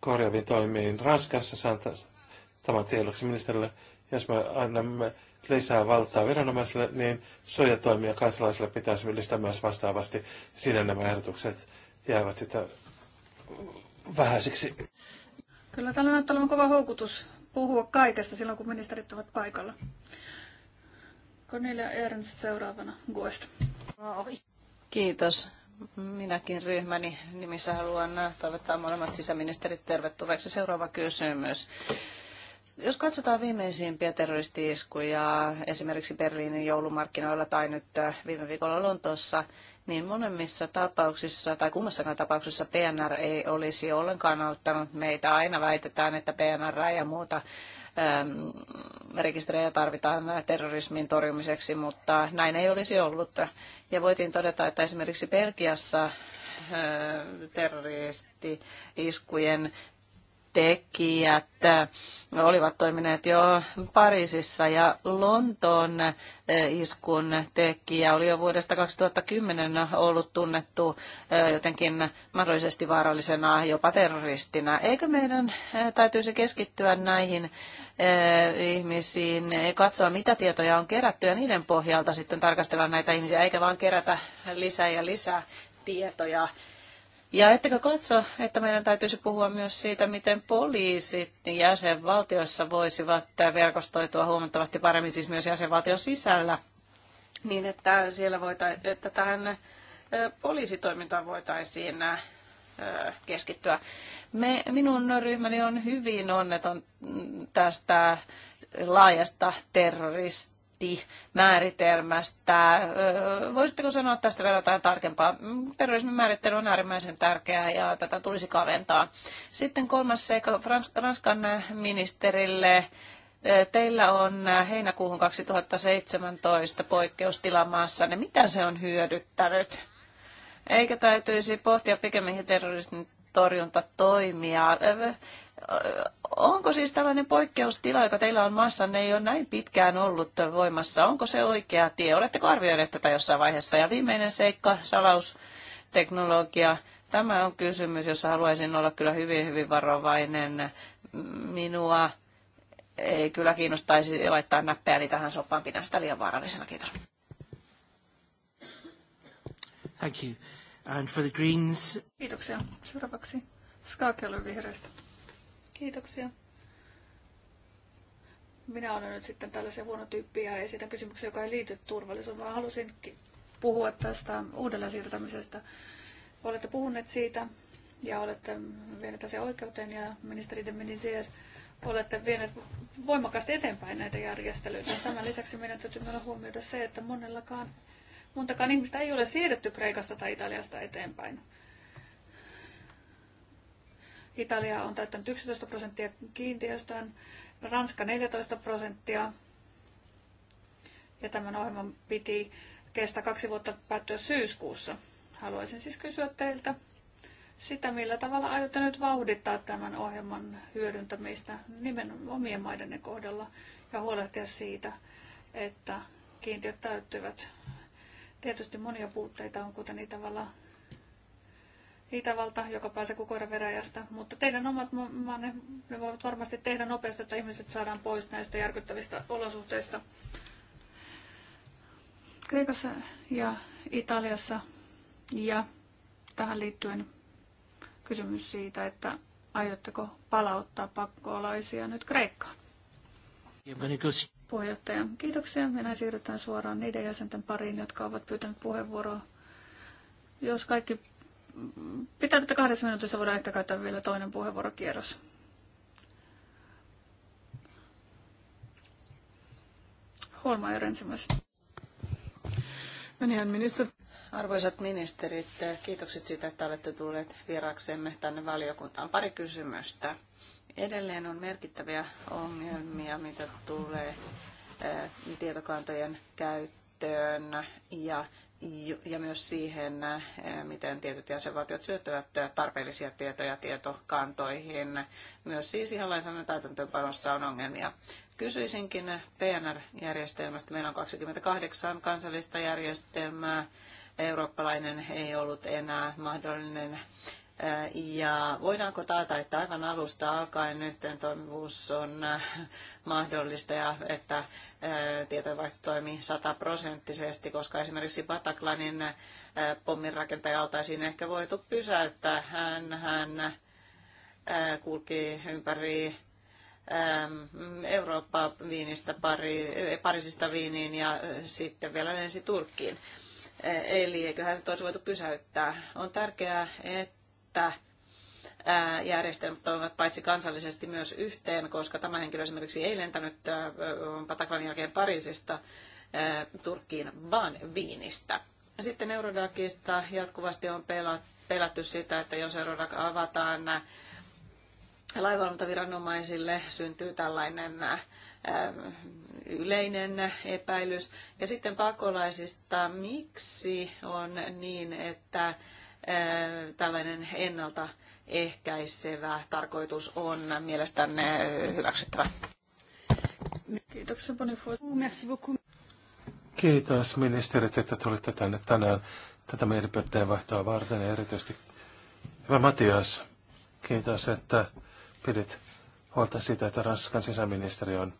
korjaaviin toimiin Ranskassa. Saan tämän tiedoksi ministerille. Jos me annamme lisää valtaa viranomaisille, niin suojatoimia kansalaisille pitäisi ylistää myös vastaavasti. Siinä nämä ehdotukset jäävät sitä vähäisiksi. Kyllä tällä näyttää olevan kova houkutus puhua kaikesta silloin, kun ministerit ovat paikalla. Cornelia Ernst seuraavana Guesta. Kiitos. Minäkin ryhmäni nimissä haluan äh, toivottaa molemmat sisäministerit tervetulleeksi. Seuraava kysymys. Jos katsotaan viimeisimpiä terroristi-iskuja esimerkiksi Berliinin joulumarkkinoilla tai nyt äh, viime viikolla Lontoossa, niin monemmissa tapauksissa tai kummassakaan tapauksessa PNR ei olisi ollenkaan auttanut meitä. Aina väitetään, että PNR ja muuta rekisterejä tarvitaan terrorismin torjumiseksi, mutta näin ei olisi ollut. Ja voitiin todeta, että esimerkiksi Belgiassa terroristi-iskujen tekijät äh, olivat toimineet jo Pariisissa ja Lontoon äh, iskun tekijä oli jo vuodesta 2010 ollut tunnettu äh, jotenkin mahdollisesti vaarallisena jopa terroristina. Eikö meidän täytyisi keskittyä näihin ihmisiin, katsoa mitä tietoja on kerätty ja niiden pohjalta sitten tarkastella näitä ihmisiä, eikä vaan kerätä lisää ja lisää tietoja ja ettekö katso, että meidän täytyisi puhua myös siitä, miten poliisit jäsenvaltioissa voisivat verkostoitua huomattavasti paremmin, siis myös jäsenvaltion sisällä, niin että siellä voitaisiin, että tähän poliisitoimintaan voitaisiin keskittyä. Me, minun ryhmäni on hyvin onneton tästä laajasta terrorista määritelmästä. Voisitteko sanoa tästä vielä jotain tarkempaa? Terrorismin määrittely on äärimmäisen tärkeää ja tätä tulisi kaventaa. Sitten kolmas seikka Ranskan ministerille. Teillä on heinäkuuhun 2017 poikkeustila maassa. Niin mitä se on hyödyttänyt? Eikä täytyisi pohtia pikemminkin terrorismin torjuntatoimia? Onko siis tällainen poikkeustila, joka teillä on massanne, ei ole näin pitkään ollut voimassa? Onko se oikea tie? Oletteko arvioineet tätä jossain vaiheessa? Ja viimeinen seikka, salausteknologia. Tämä on kysymys, jossa haluaisin olla kyllä hyvin, hyvin varovainen. Minua ei kyllä kiinnostaisi laittaa näppäili tähän soppaan. Pidän sitä liian vaarallisena. Kiitos. Thank you. And for the Greens. Kiitoksia. Seuraavaksi Skakel vihreistä. Kiitoksia minä olen nyt sitten tällaisia huono ja esitän kysymyksiä, joka ei liity turvallisuuteen, vaan halusin puhua tästä uudella siirtämisestä. Olette puhuneet siitä ja olette vieneet asian oikeuteen ja ministeri de Menisier, olette vieneet voimakkaasti eteenpäin näitä järjestelyitä. Tämän lisäksi meidän täytyy meillä huomioida se, että monellakaan, montakaan ihmistä ei ole siirretty Kreikasta tai Italiasta eteenpäin. Italia on täyttänyt 11 prosenttia kiintiöstään Ranska 14 prosenttia. Ja tämän ohjelman piti kestää kaksi vuotta päättyä syyskuussa. Haluaisin siis kysyä teiltä sitä, millä tavalla aiotte nyt vauhdittaa tämän ohjelman hyödyntämistä nimenomaan omien maidenne kohdalla ja huolehtia siitä, että kiintiöt täyttyvät. Tietysti monia puutteita on, kuten Itävallan Itävalta, joka pääsee kukoiden veräjästä. Mutta teidän omat maanne, ne voivat varmasti tehdä nopeasti, että ihmiset saadaan pois näistä järkyttävistä olosuhteista. Kreikassa ja Italiassa ja tähän liittyen kysymys siitä, että aiotteko palauttaa pakkoolaisia nyt Kreikkaan? Puheenjohtaja, kiitoksia. Minä siirrytään suoraan niiden jäsenten pariin, jotka ovat pyytäneet puheenvuoroa. Jos kaikki pitäydytte kahdessa minuutissa, voidaan ehkä käyttää vielä toinen puheenvuorokierros. Holmaier ensimmäistä. No niin, Arvoisat ministerit, kiitokset siitä, että olette tulleet vieraksemme tänne valiokuntaan. Pari kysymystä. Edelleen on merkittäviä ongelmia, mitä tulee eh, tietokantojen käyttöön ja ja myös siihen, eh, miten tietyt jäsenvaltiot syöttävät tarpeellisia tietoja tietokantoihin. Myös siis ihan lainsäädännön täytäntöönpanossa on ongelmia. Kysyisinkin PNR-järjestelmästä. Meillä on 28 kansallista järjestelmää. Eurooppalainen ei ollut enää mahdollinen ja voidaanko taata, että aivan alusta alkaen yhteen toimivuus on mahdollista ja että tietojenvaihto toimii sataprosenttisesti, koska esimerkiksi Bataklanin pomminrakentaja oltaisiin ehkä voitu pysäyttää. Hän, hän kulki ympäri Eurooppaa Viinistä, Pari, Pariisista Viiniin ja sitten vielä lensi Turkkiin. Eli eiköhän toisi voitu pysäyttää. On tärkeää, että että järjestelmät toimivat paitsi kansallisesti myös yhteen, koska tämä henkilö esimerkiksi ei lentänyt Pataklan jälkeen Pariisista Turkkiin, vaan Viinistä. Sitten Eurodacista jatkuvasti on pelätty sitä, että jos Eurodac avataan laivalvontaviranomaisille, syntyy tällainen yleinen epäilys. Ja sitten pakolaisista, miksi on niin, että tällainen ehkäisevä tarkoitus on mielestäni hyväksyttävä. Kiitoksia, Kiitos ministerit, että tulitte tänne tänään tätä mielipiteen vaihtoa varten ja erityisesti hyvä Matias, kiitos, että pidit huolta siitä, että Ranskan sisäministeri on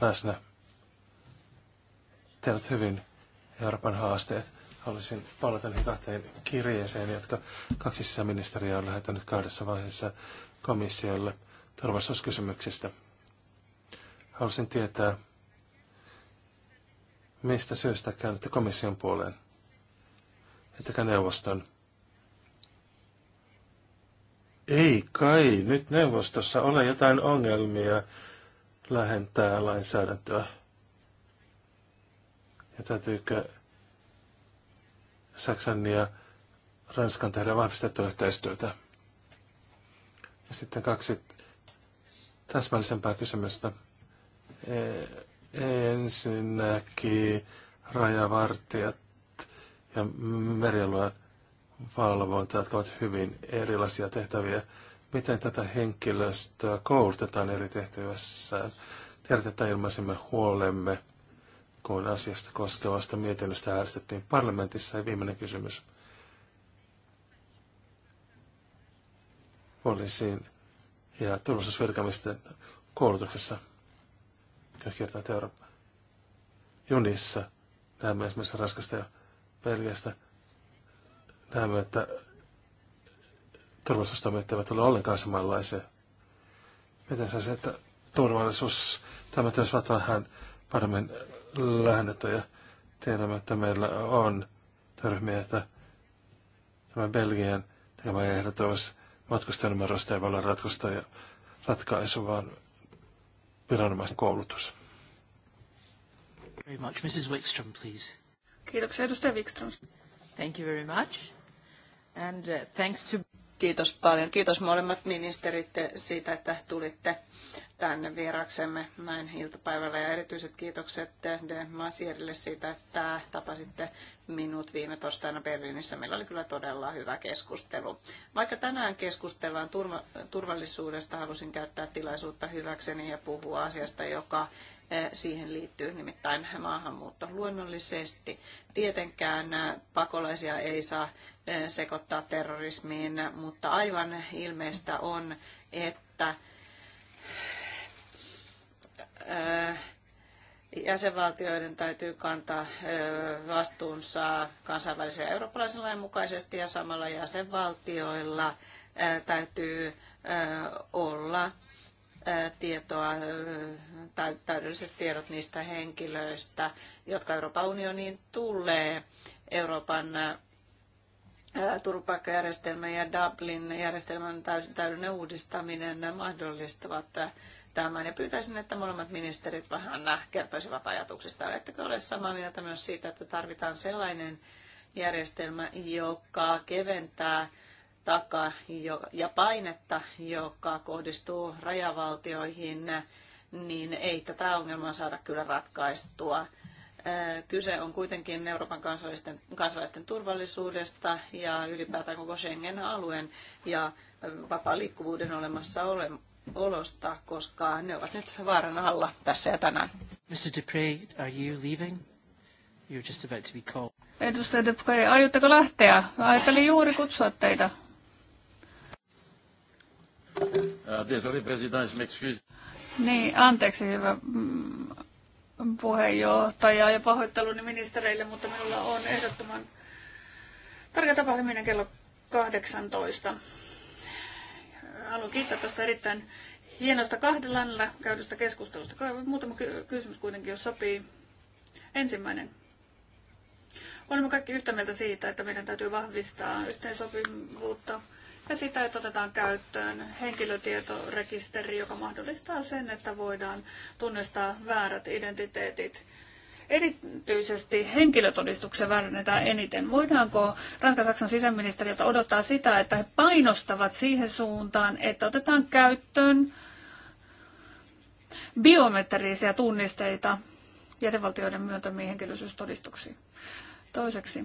läsnä. Tiedät hyvin Euroopan haasteet. Haluaisin palata niihin kahteen kirjeeseen, jotka kaksi sisäministeriä on lähettänyt kahdessa vaiheessa komissiolle turvallisuuskysymyksistä. Haluaisin tietää, mistä syystä käännytte komission puoleen, ettekä neuvoston. Ei kai, nyt neuvostossa ole jotain ongelmia lähentää lainsäädäntöä. Ja täytyykö Saksan ja Ranskan tehdä vahvistettua yhteistyötä. Ja sitten kaksi täsmällisempää kysymystä. E, ensinnäkin rajavartijat ja merialueen valvonta, jotka ovat hyvin erilaisia tehtäviä. Miten tätä henkilöstöä koulutetaan eri tehtävissä? Tiedät, että ilmaisemme huolemme kun asiasta koskevasta mietinnöstä äänestettiin parlamentissa. Ja viimeinen kysymys. Poliisiin ja turvallisuusvirkamisten koulutuksessa, jotka kiertävät Euroopan junissa. Näemme esimerkiksi raskasta ja Pelkästä. Näemme, että turvallisuustoimijat eivät ole ollenkaan samanlaisia. Miten se, että turvallisuus, tämä työs vähän paremmin lähennetty ja tiedämme, että meillä on törmiä, että tämä Belgian tekemä ehdotus matkustajanumerosta ei voi olla ratkaista ratkaisu, vaan viranomaiskoulutus. Very much. Mrs. Wickström, please. Kiitoksia, edustaja Wickström. Thank you very much. And uh, thanks to... Kiitos paljon. Kiitos molemmat ministerit siitä, että tulitte tänne vieraksemme näin iltapäivällä. Ja erityiset kiitokset De Masierille siitä, että tapasitte minut viime torstaina Berliinissä. Meillä oli kyllä todella hyvä keskustelu. Vaikka tänään keskustellaan turvallisuudesta, halusin käyttää tilaisuutta hyväkseni ja puhua asiasta, joka eh, siihen liittyy nimittäin maahanmuutto luonnollisesti. Tietenkään eh, pakolaisia ei saa Eh, sekoittaa terrorismiin, mutta aivan ilmeistä on, että eh, jäsenvaltioiden täytyy kantaa eh, vastuunsa kansainvälisen ja eurooppalaisen lain mukaisesti ja samalla jäsenvaltioilla täytyy olla tietoa, täydelliset tiedot niistä henkilöistä, jotka Euroopan unioniin tulee Euroopan turvapaikkajärjestelmän ja Dublin-järjestelmän täydellinen uudistaminen mahdollistavat tämän. Ja pyytäisin, että molemmat ministerit vähän kertoisivat ajatuksista. Oletteko ole samaa mieltä myös siitä, että tarvitaan sellainen järjestelmä, joka keventää taka- ja painetta, joka kohdistuu rajavaltioihin, niin ei tätä ongelmaa saada kyllä ratkaistua Kyse on kuitenkin Euroopan kansalaisten, kansalaisten turvallisuudesta ja ylipäätään koko Schengen-alueen ja vapaan liikkuvuuden olemassa ole, olosta, koska ne ovat nyt vaaran alla tässä ja tänään. Mr. Dupre, are you leaving? You're just about to be called. Edustaja Dupre, aiotteko lähteä? Ajattelin juuri kutsua teitä. Uh, Désolé, president, je m'excuse. Niin, anteeksi hyvä mm, puheenjohtajaa ja pahoitteluni ministereille, mutta minulla on ehdottoman tärkeä tapahtuminen kello 18. Haluan kiittää tästä erittäin hienosta kahdella äänellä käydystä keskustelusta. Muutama kysymys kuitenkin, jos sopii. Ensimmäinen. Olemme kaikki yhtä mieltä siitä, että meidän täytyy vahvistaa yhteensopivuutta ja sitä, että otetaan käyttöön henkilötietorekisteri, joka mahdollistaa sen, että voidaan tunnistaa väärät identiteetit. Erityisesti henkilötodistuksen väärännetään eniten. Voidaanko Ranska-Saksan sisäministeriöltä odottaa sitä, että he painostavat siihen suuntaan, että otetaan käyttöön biometrisiä tunnisteita jäsenvaltioiden myöntämiin henkilöllisyystodistuksiin? Toiseksi,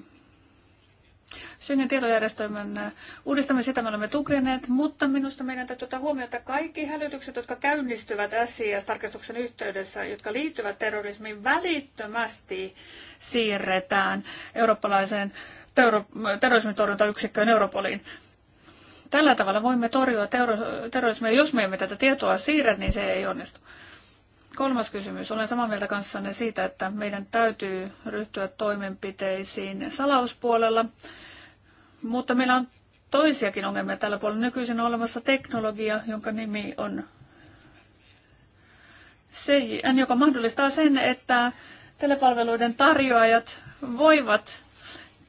Schengen tietojärjestelmän äh, uudistamisen sitä me olemme tukeneet, mutta minusta meidän täytyy ottaa huomioon, että kaikki hälytykset, jotka käynnistyvät SIS-tarkastuksen yhteydessä, jotka liittyvät terrorismiin, välittömästi siirretään eurooppalaiseen terrorismin torjuntayksikköön Europoliin. Tällä tavalla voimme torjua terrorismia. Jos me emme tätä tietoa siirrä, niin se ei onnistu. Kolmas kysymys. Olen samaa mieltä kanssanne siitä, että meidän täytyy ryhtyä toimenpiteisiin salauspuolella, mutta meillä on toisiakin ongelmia tällä puolella. Nykyisin on olemassa teknologia, jonka nimi on CJN, joka mahdollistaa sen, että telepalveluiden tarjoajat voivat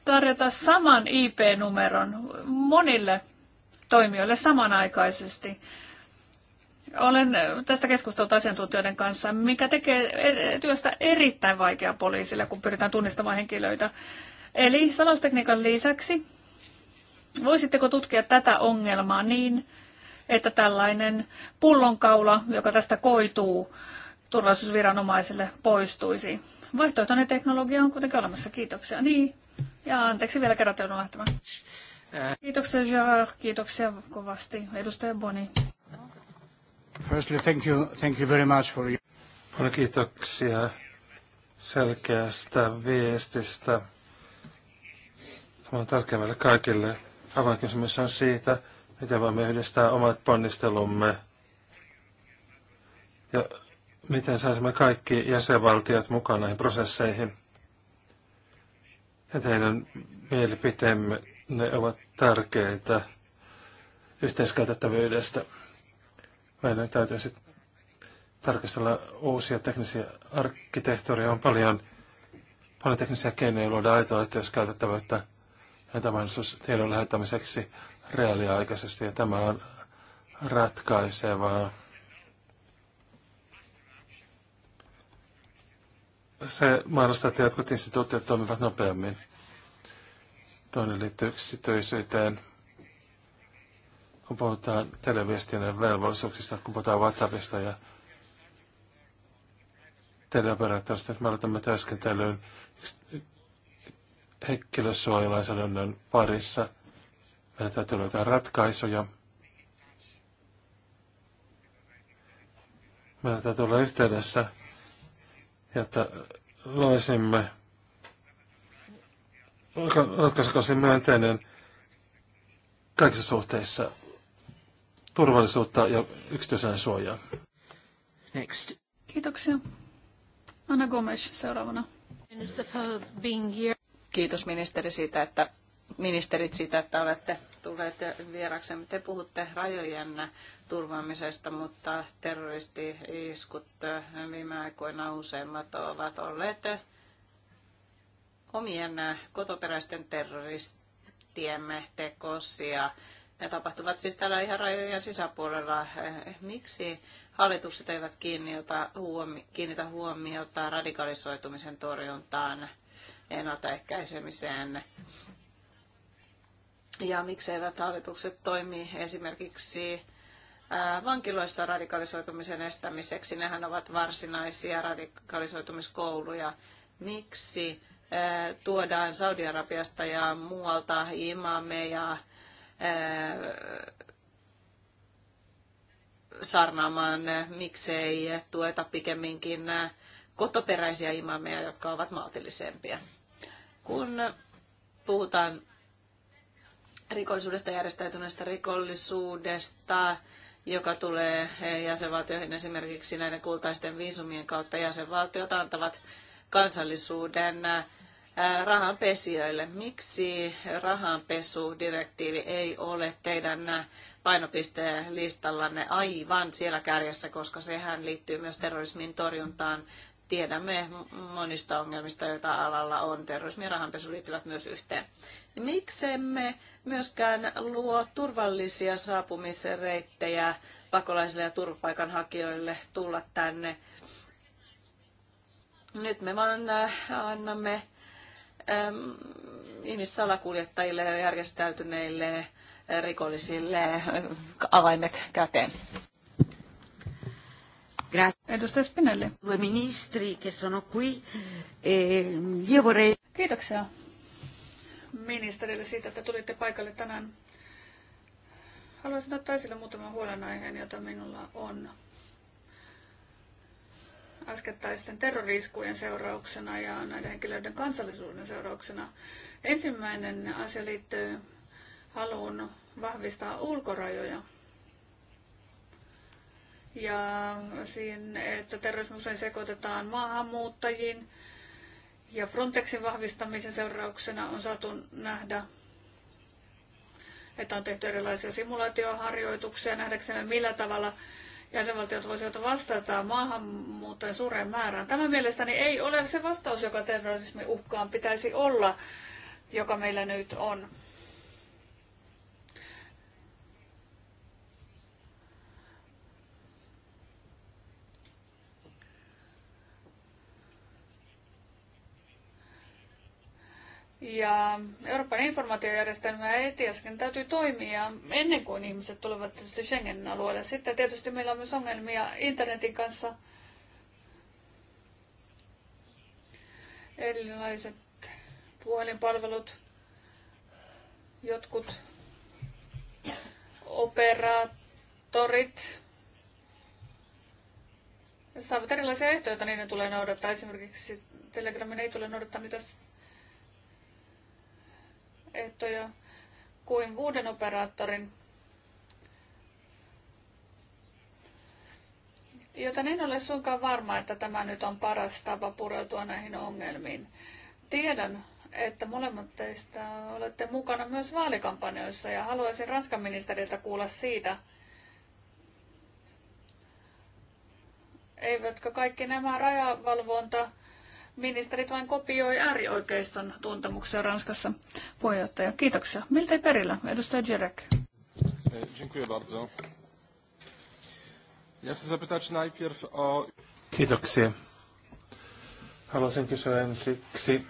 tarjota saman IP-numeron monille toimijoille samanaikaisesti. Olen tästä keskustellut asiantuntijoiden kanssa, mikä tekee er, työstä erittäin vaikeaa poliisille, kun pyritään tunnistamaan henkilöitä. Eli salaustekniikan lisäksi, voisitteko tutkia tätä ongelmaa niin, että tällainen pullonkaula, joka tästä koituu turvallisuusviranomaisille, poistuisi? Vaihtoehtoinen teknologia on kuitenkin olemassa. Kiitoksia. Niin. Ja anteeksi vielä kerran joudun lähtemään. Äh. Kiitoksia Gerard, kiitoksia kovasti. Edustaja Boni. Firstly, thank you, thank you very much for Paljon kiitoksia selkeästä viestistä. Tämä on tärkeä meille kaikille. Avainkysymys on siitä, miten voimme yhdistää omat ponnistelumme ja miten saisimme kaikki jäsenvaltiot mukaan näihin prosesseihin. Ja teidän mielipiteemme ne ovat tärkeitä yhteiskäytettävyydestä meidän sitten tarkastella uusia teknisiä arkkitehtuuria. On paljon, paljon teknisiä keinoja luoda aitoa yhteiskäytettävyyttä hätämahdollisuus siis tiedon lähettämiseksi reaaliaikaisesti. Ja tämä on ratkaisevaa. Se mahdollistaa, että jotkut instituutiot toimivat nopeammin. Toinen liittyy yksityisyyteen kun puhutaan televiestinnän velvollisuuksista, kun puhutaan WhatsAppista ja teleoperaattorista, että me aloitamme työskentelyyn henkilösuojelainsäädännön parissa. Meidän täytyy löytää ratkaisuja. Meidän täytyy olla yhteydessä, jotta loisimme ratkaisukosin myönteinen kaikissa suhteissa turvallisuutta ja yksityisen suojaa. Next. Kiitoksia. Anna Gomes seuraavana. Kiitos ministeri siitä, että ministerit siitä, että olette tulleet vieraksemme. Te puhutte rajojen turvaamisesta, mutta terroristi-iskut viime aikoina useimmat ovat olleet omien kotoperäisten terroristiemme tekosia. Ne tapahtuvat siis täällä ihan rajojen sisäpuolella. Miksi hallitukset eivät kiinnitä, huomi- kiinnitä huomiota radikalisoitumisen torjuntaan, ennaltaehkäisemiseen? Ja miksi eivät hallitukset toimi esimerkiksi vankiloissa radikalisoitumisen estämiseksi? Nehän ovat varsinaisia radikalisoitumiskouluja. Miksi tuodaan Saudi-Arabiasta ja muualta imameja? sarnaamaan, miksei tueta pikemminkin kotoperäisiä imameja, jotka ovat maltillisempia. Kun puhutaan rikollisuudesta, järjestäytyneestä rikollisuudesta, joka tulee jäsenvaltioihin esimerkiksi näiden kultaisten viisumien kautta jäsenvaltiot antavat kansallisuuden rahanpesijöille. Miksi rahanpesudirektiivi ei ole teidän painopisteen listallanne aivan siellä kärjessä, koska sehän liittyy myös terrorismin torjuntaan. Tiedämme monista ongelmista, joita alalla on. Terrorismi ja rahanpesu liittyvät myös yhteen. Miksemme myöskään luo turvallisia saapumisreittejä pakolaisille ja turvapaikanhakijoille tulla tänne? Nyt me vaan annamme ihmissalakuljettajille ja järjestäytyneille rikollisille avaimet käteen. Edustaja Spinelli. Due ministri che sono qui. E, io vorrei... Kiitoksia ministerille siitä, että tulitte paikalle tänään. Haluaisin ottaa esille muutaman huolenaiheen, jota minulla on äskettäisten terroriskujen seurauksena ja näiden henkilöiden kansallisuuden seurauksena. Ensimmäinen asia liittyy haluun vahvistaa ulkorajoja ja siinä, että terrorismi usein sekoitetaan maahanmuuttajiin. Ja Frontexin vahvistamisen seurauksena on saatu nähdä, että on tehty erilaisia simulaatioharjoituksia nähdäksemme millä tavalla jäsenvaltiot voisivat vastata maahanmuuttajien suureen määrään. Tämä mielestäni ei ole se vastaus, joka terrorismin uhkaan pitäisi olla, joka meillä nyt on. Ja Euroopan informaatiojärjestelmä ETSkin täytyy toimia ennen kuin ihmiset tulevat tietysti schengen alueelle. Sitten tietysti meillä on myös ongelmia internetin kanssa. Erilaiset puhelinpalvelut, jotkut operaattorit saavat erilaisia ehtoja, joita niiden tulee noudattaa. Esimerkiksi Telegramin ei tule noudattaa niitä ehtoja kuin uuden operaattorin. Joten en ole suinkaan varma, että tämä nyt on paras tapa pureutua näihin ongelmiin. Tiedän, että molemmat teistä olette mukana myös vaalikampanjoissa ja haluaisin Ranskan ministeriltä kuulla siitä, eivätkö kaikki nämä rajavalvonta ministerit vain kopioi äärioikeiston tuntemuksia Ranskassa puheenjohtaja. Kiitoksia. Miltei perillä, edustaja Jerek. E, o... Kiitoksia. Haluaisin kysyä ensiksi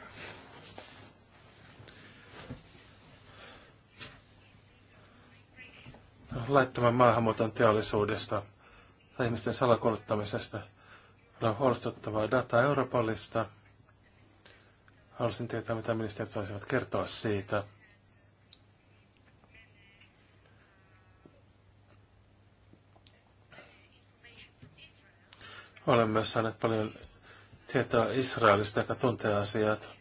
laittoman maahanmuuton teollisuudesta tai ihmisten salakuluttamisesta – No, huolestuttavaa dataa Europolista. Haluaisin tietää, mitä ministerit saisivat kertoa siitä. Olen myös saanut paljon tietoa Israelista, joka tuntee asiat.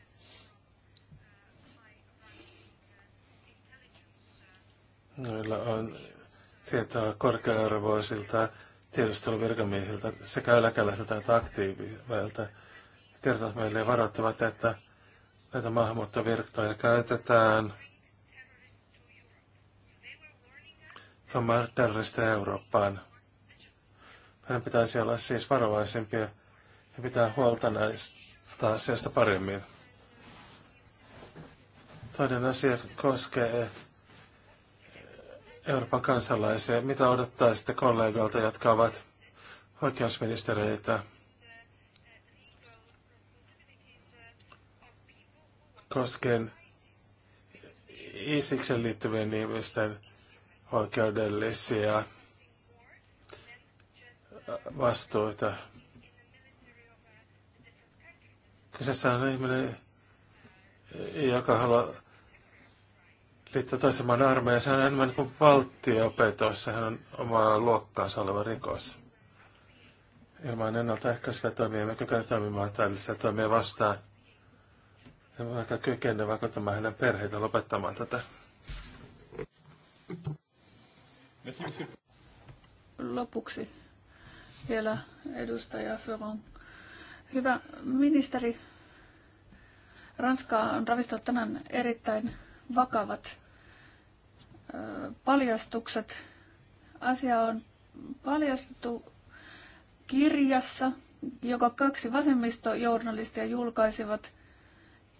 Meillä on tietoa korkea-arvoisilta tiedusteluvirkamiehiltä sekä eläkeläisiltä että aktiiviväiltä kertovat meille ja varoittavat, että näitä maahanmuuttovirtoja käytetään tuomaan terrorista Eurooppaan. Meidän pitäisi olla siis varovaisempia ja pitää huolta näistä asioista paremmin. Toinen asia koskee Euroopan kansalaisia. Mitä odottaisitte kollegoilta, jotka ovat oikeusministereitä? Koskien Isiksen liittyvien ihmisten oikeudellisia vastuita. Kyseessä on ihminen, joka haluaa liittyy toisen maan armeijaan. Sehän on enemmän kuin valtiopetos. Sehän on omaa luokkaansa oleva rikos. Ilman ennaltaehkäisyä toimia me kykene toimimaan tällaisia toimia vastaan. Ja aika kykene vakuuttamaan heidän perheitä lopettamaan tätä. Lopuksi vielä edustaja Ferron. Hyvä ministeri, Ranskaa on ravistellut tänään erittäin vakavat paljastukset. Asia on paljastettu kirjassa, joka kaksi vasemmistojournalistia julkaisivat,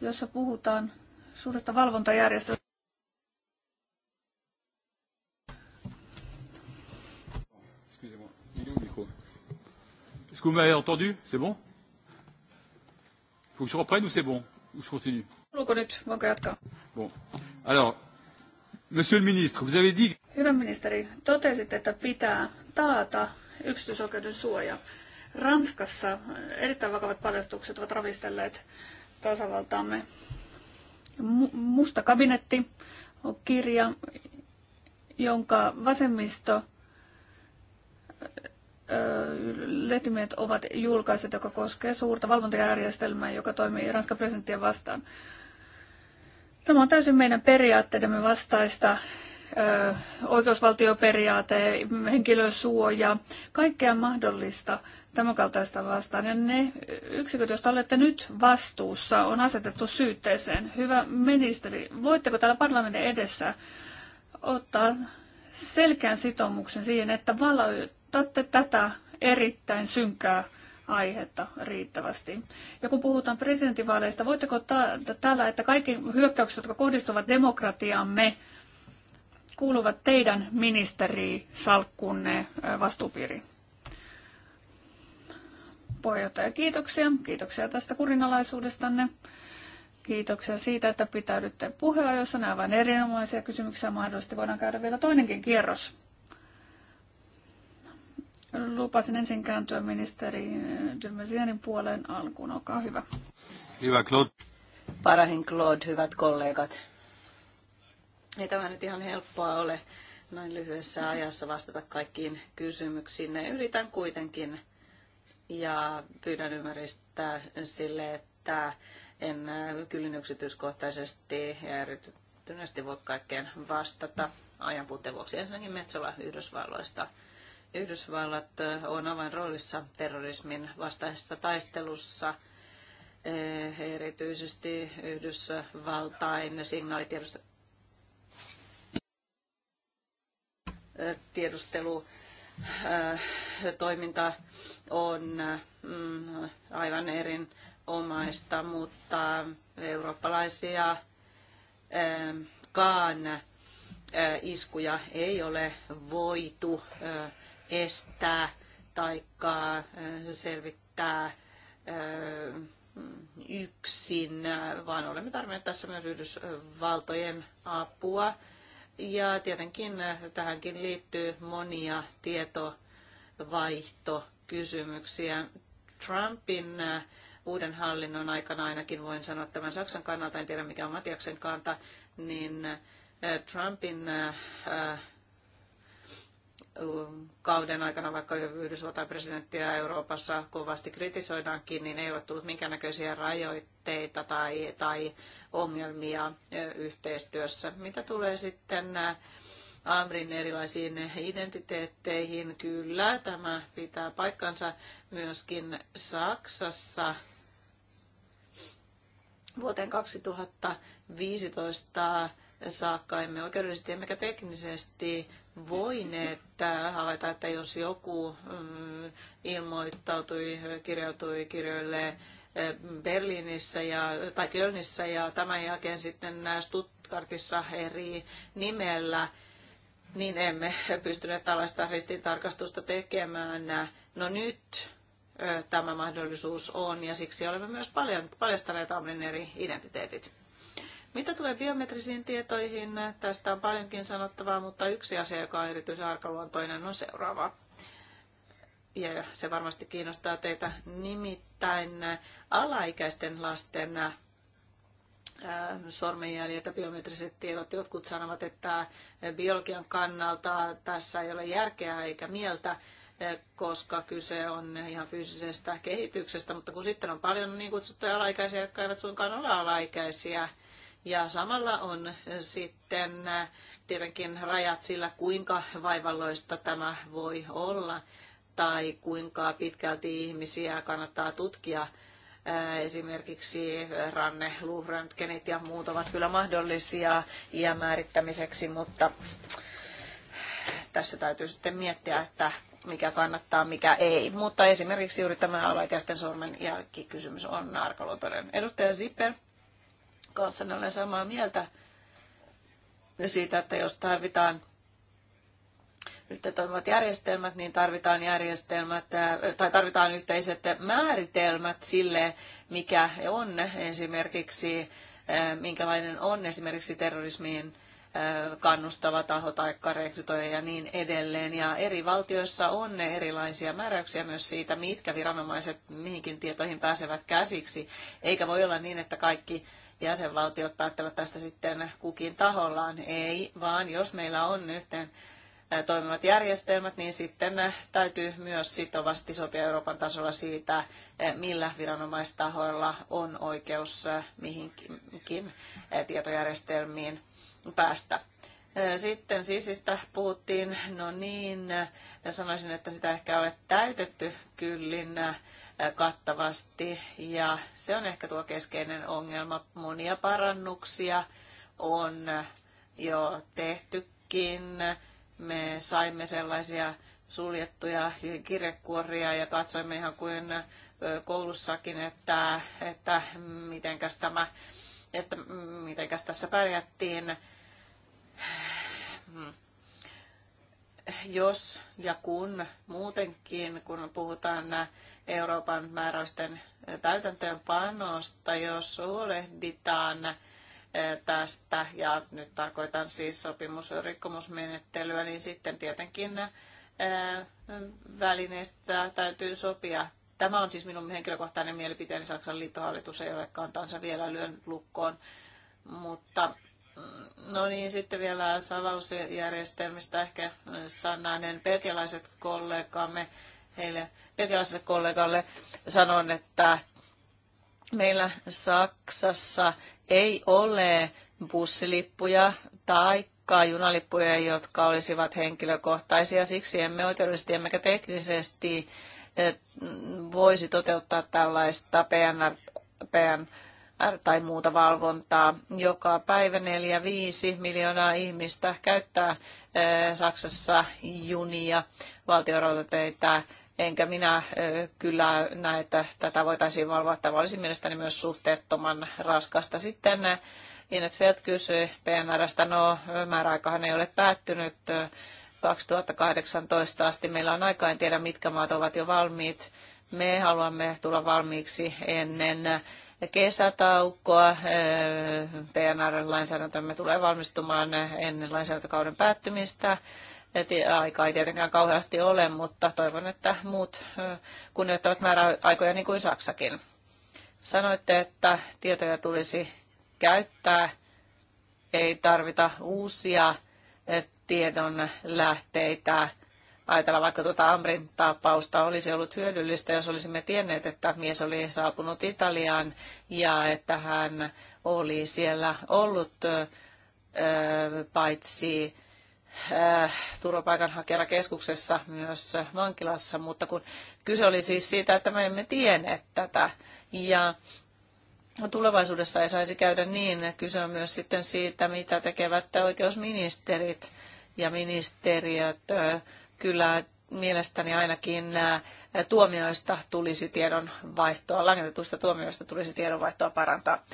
jossa puhutaan suuresta valvontajärjestelmästä. Est-ce que vous m'avez entendu C'est bon Faut que je reprenne ou c'est bon Ou je continue Voinko jatkaa? Bon. Alors, Monsieur le ministre, vous avez dit... Hyvä ministeri, totesit, että pitää taata yksityisoikeuden suoja. Ranskassa erittäin vakavat paljastukset ovat ravistelleet tasavaltaamme. Musta kabinetti on kirja, jonka vasemmisto lehtimiehet ovat julkaiset, joka koskee suurta valvontajärjestelmää, joka toimii Ranskan presidenttiä vastaan. Tämä on täysin meidän periaatteidemme vastaista ö, oikeusvaltioperiaate, henkilösuoja, kaikkea mahdollista tämänkaltaista vastaan. Ja ne yksiköt, joista olette nyt vastuussa, on asetettu syytteeseen. Hyvä ministeri, voitteko täällä parlamentin edessä ottaa selkeän sitoumuksen siihen, että valloitatte tätä erittäin synkää aihetta riittävästi. Ja kun puhutaan presidentinvaaleista, voitteko tällä täällä, että kaikki hyökkäykset, jotka kohdistuvat demokratiamme, kuuluvat teidän ministerisalkkunne vastuupiiriin? Puheenjohtaja, kiitoksia. Kiitoksia tästä kurinalaisuudestanne. Kiitoksia siitä, että pitäydytte puheenajossa. Nämä ovat erinomaisia kysymyksiä. Mahdollisesti voidaan käydä vielä toinenkin kierros. Lupasin ensin kääntyä ministeri Dymysianin puoleen alkuun. Olkaa hyvä. Hyvä Claude. Parahin Claude, hyvät kollegat. Ei tämä nyt ihan helppoa ole näin lyhyessä ajassa vastata kaikkiin kysymyksiin. Ne Yritän kuitenkin ja pyydän ymmärrystä sille, että en kyllin yksityiskohtaisesti ja erityisesti voi kaikkeen vastata ajan puutteen vuoksi. Ensinnäkin Metsola Yhdysvalloista Yhdysvallat on avainroolissa terrorismin vastaisessa taistelussa e, erityisesti Yhdysvaltain signaalitiedustelu toiminta on mm, aivan erinomaista, mutta eurooppalaisia kaan iskuja ei ole voitu estää tai selvittää yksin, vaan olemme tarvinneet tässä myös Yhdysvaltojen apua. Ja tietenkin tähänkin liittyy monia tietovaihtokysymyksiä. Trumpin uuden hallinnon aikana ainakin voin sanoa tämän Saksan kannalta, en tiedä mikä on Matiaksen kanta, niin Trumpin kauden aikana, vaikka Yhdysvaltain presidenttiä Euroopassa kovasti kritisoidaankin, niin ei ole tullut minkäännäköisiä rajoitteita tai, tai ongelmia yhteistyössä. Mitä tulee sitten Amrin erilaisiin identiteetteihin, kyllä tämä pitää paikkansa myöskin Saksassa. Vuoteen 2015 saakka emme oikeudellisesti emmekä teknisesti voineet havaita, että jos joku mm, ilmoittautui, kirjautui kirjoille mm, Berliinissä ja, tai Kölnissä ja tämän jälkeen sitten Stuttgartissa eri nimellä, niin emme pystyneet tällaista ristintarkastusta tekemään. No nyt tämä mahdollisuus on ja siksi olemme myös paljastaneet Amnin eri identiteetit. Mitä tulee biometrisiin tietoihin, tästä on paljonkin sanottavaa, mutta yksi asia, joka on erityisen arkaluontoinen, on seuraava. Ja se varmasti kiinnostaa teitä nimittäin alaikäisten lasten sormenjäljet ja biometriset tiedot. Jotkut sanovat, että biologian kannalta tässä ei ole järkeä eikä mieltä, koska kyse on ihan fyysisestä kehityksestä, mutta kun sitten on paljon niin kutsuttuja alaikäisiä, jotka eivät suinkaan ole alaikäisiä, ja samalla on sitten äh, tietenkin rajat sillä, kuinka vaivalloista tämä voi olla tai kuinka pitkälti ihmisiä kannattaa tutkia. Äh, esimerkiksi ranne, luuröntgenit ja muut ovat kyllä mahdollisia iän määrittämiseksi, mutta tässä täytyy sitten miettiä, että mikä kannattaa, mikä ei. Mutta esimerkiksi juuri tämä alaikäisten jälkikysymys on arkaluontoinen. Edustaja Zipper kanssanne niin olen samaa mieltä siitä, että jos tarvitaan yhtä toimivat järjestelmät, niin tarvitaan järjestelmät tai tarvitaan yhteiset määritelmät sille, mikä on esimerkiksi, minkälainen on esimerkiksi terrorismiin kannustava taho tai rekrytoija ja niin edelleen. Ja eri valtioissa on ne erilaisia määräyksiä myös siitä, mitkä viranomaiset mihinkin tietoihin pääsevät käsiksi. Eikä voi olla niin, että kaikki jäsenvaltiot päättävät tästä sitten kukin tahollaan. Ei, vaan jos meillä on yhteen eh, toimivat järjestelmät, niin sitten eh, täytyy myös sitovasti sopia Euroopan tasolla siitä, eh, millä viranomaistahoilla on oikeus mihinkin tietojärjestelmiin päästä. Sitten sisistä puhuttiin, no niin, sanoisin, että sitä ehkä ole täytetty kyllin kattavasti ja se on ehkä tuo keskeinen ongelma. Monia parannuksia on jo tehtykin. Me saimme sellaisia suljettuja kirjekuoria ja katsoimme ihan kuin koulussakin, että, että mitenkäs, tämä, että mitenkäs tässä pärjättiin jos ja kun muutenkin, kun puhutaan Euroopan määräysten täytäntöönpanosta, jos huolehditaan eh, tästä, ja nyt tarkoitan siis sopimus rikkomusmenettelyä, niin sitten tietenkin eh, välineistä täytyy sopia. Tämä on siis minun henkilökohtainen mielipiteeni. Saksan liittohallitus ei ole kantansa vielä lyön lukkoon, mutta No niin, sitten vielä salausjärjestelmistä ehkä sananen pelkialaiset kollegamme, heille, pelkialaiselle kollegalle sanon, että meillä Saksassa ei ole bussilippuja tai junalippuja, jotka olisivat henkilökohtaisia. Siksi emme oikeudellisesti emmekä teknisesti eh, voisi toteuttaa tällaista PNR, PNR tai muuta valvontaa. Joka päivä 4-5 miljoonaa ihmistä käyttää eh, Saksassa junia, valtiorautateitä, enkä minä eh, kyllä näe, että tätä voitaisiin valvoa. Tämä olisi mielestäni myös suhteettoman raskasta. Sitten Inet eh, Feld kysyi PNRstä, no määräaikahan ei ole päättynyt 2018 asti. Meillä on aikaa, en tiedä mitkä maat ovat jo valmiit. Me haluamme tulla valmiiksi ennen kesätaukkoa. PNR-lainsäädäntömme tulee valmistumaan ennen lainsäädäntökauden päättymistä. aika ei tietenkään kauheasti ole, mutta toivon, että muut kunnioittavat määräaikoja niin kuin Saksakin. Sanoitte, että tietoja tulisi käyttää, ei tarvita uusia tiedon lähteitä ajatella vaikka tuota Amrin tapausta, olisi ollut hyödyllistä, jos olisimme tienneet, että mies oli saapunut Italiaan ja että hän oli siellä ollut ö, paitsi turvapaikanhakijakeskuksessa myös vankilassa, mutta kun kyse oli siis siitä, että me emme tienneet tätä ja tulevaisuudessa ei saisi käydä niin. Kyse on myös sitten siitä, mitä tekevät oikeusministerit ja ministeriöt kyllä mielestäni ainakin tuomioista tulisi tiedonvaihtoa, langetetusta tuomioista tulisi tiedonvaihtoa parantaa.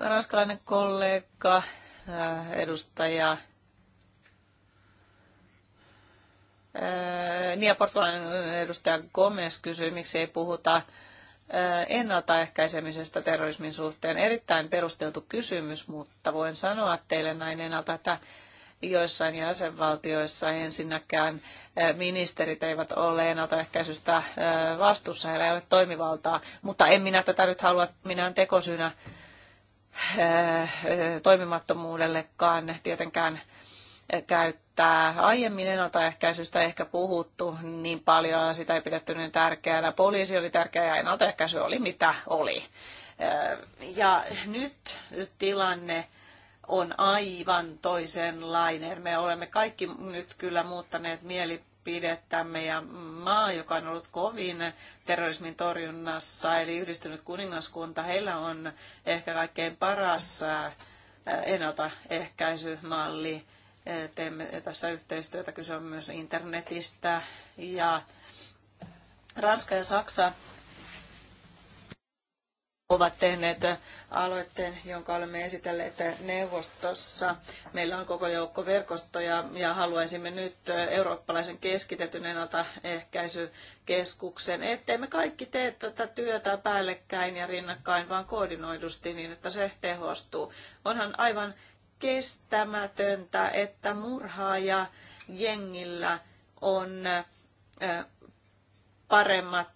Ranskalainen kollega, edustaja Niin ja portugalainen edustaja Gomez kysyi, miksi ei puhuta ennaltaehkäisemisestä terrorismin suhteen. Erittäin perusteltu kysymys, mutta voin sanoa teille näin ennalta, että joissain jäsenvaltioissa ensinnäkään eh, ministerit eivät ole ennaltaehkäisystä eh, vastuussa, heillä ei ole toimivaltaa, mutta en minä tätä nyt halua minään tekosyynä eh, toimimattomuudellekaan tietenkään käyttää. Aiemmin ennaltaehkäisystä ehkä puhuttu niin paljon, sitä ei pidetty niin tärkeänä. Poliisi oli tärkeä ja ennaltaehkäisy oli mitä oli. Ja nyt tilanne on aivan toisenlainen. Me olemme kaikki nyt kyllä muuttaneet mielipidettämme ja maa, joka on ollut kovin terrorismin torjunnassa, eli yhdistynyt kuningaskunta, heillä on ehkä kaikkein paras ennaltaehkäisymalli. Teemme tässä yhteistyötä, kyse on myös internetistä ja Ranska ja Saksa ovat tehneet aloitteen, jonka olemme esitelleet neuvostossa. Meillä on koko joukko verkostoja ja haluaisimme nyt eurooppalaisen keskitetyn ennaltaehkäisykeskuksen, ettei me kaikki tee tätä työtä päällekkäin ja rinnakkain, vaan koordinoidusti niin, että se tehostuu. Onhan aivan kestämätöntä, että murhaaja jengillä on paremmat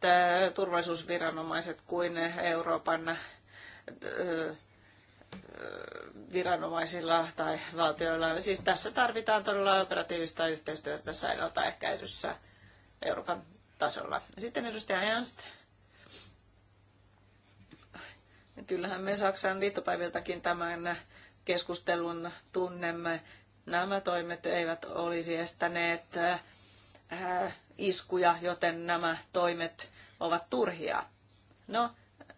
turvallisuusviranomaiset kuin Euroopan viranomaisilla tai valtioilla. Siis tässä tarvitaan todella operatiivista yhteistyötä tässä ennaltaehkäisyssä Euroopan tasolla. Sitten edustaja Ernst. Kyllähän me Saksan liittopäiviltäkin tämän keskustelun tunnemme. Nämä toimet eivät olisi estäneet iskuja, joten nämä toimet ovat turhia. No,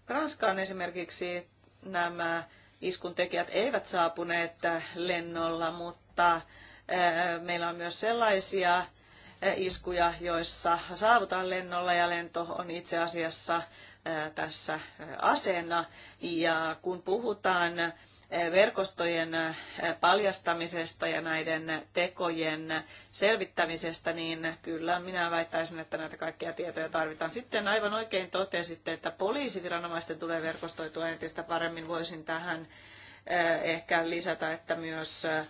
Ranskaan esimerkiksi nämä iskun tekijät eivät saapuneet lennolla, mutta eh, meillä on myös sellaisia eh, iskuja, joissa saavutaan lennolla ja lento on itse asiassa eh, tässä aseena. Ja kun puhutaan verkostojen eh, paljastamisesta ja näiden tekojen selvittämisestä, niin kyllä minä väittäisin, että näitä kaikkia tietoja tarvitaan. Sitten aivan oikein totesitte, että poliisiviranomaisten tulee verkostoitua entistä paremmin. Voisin tähän eh, ehkä lisätä, että myös eh,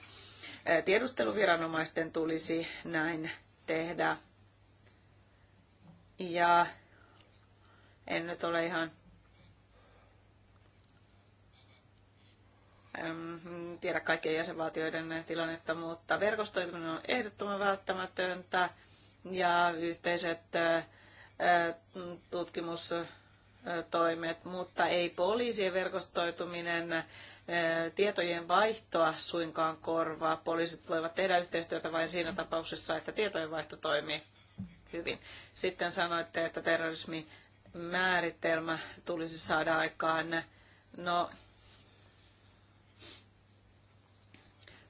tiedusteluviranomaisten tulisi näin tehdä. Ja en nyt ole ihan tiedä kaikkien jäsenvaltioiden tilannetta, mutta verkostoituminen on ehdottoman välttämätöntä ja yhteiset tutkimustoimet, mutta ei poliisien verkostoituminen tietojen vaihtoa suinkaan korvaa. Poliisit voivat tehdä yhteistyötä vain siinä tapauksessa, että tietojen vaihto toimii hyvin. Sitten sanoitte, että terrorismi määritelmä tulisi saada aikaan. No,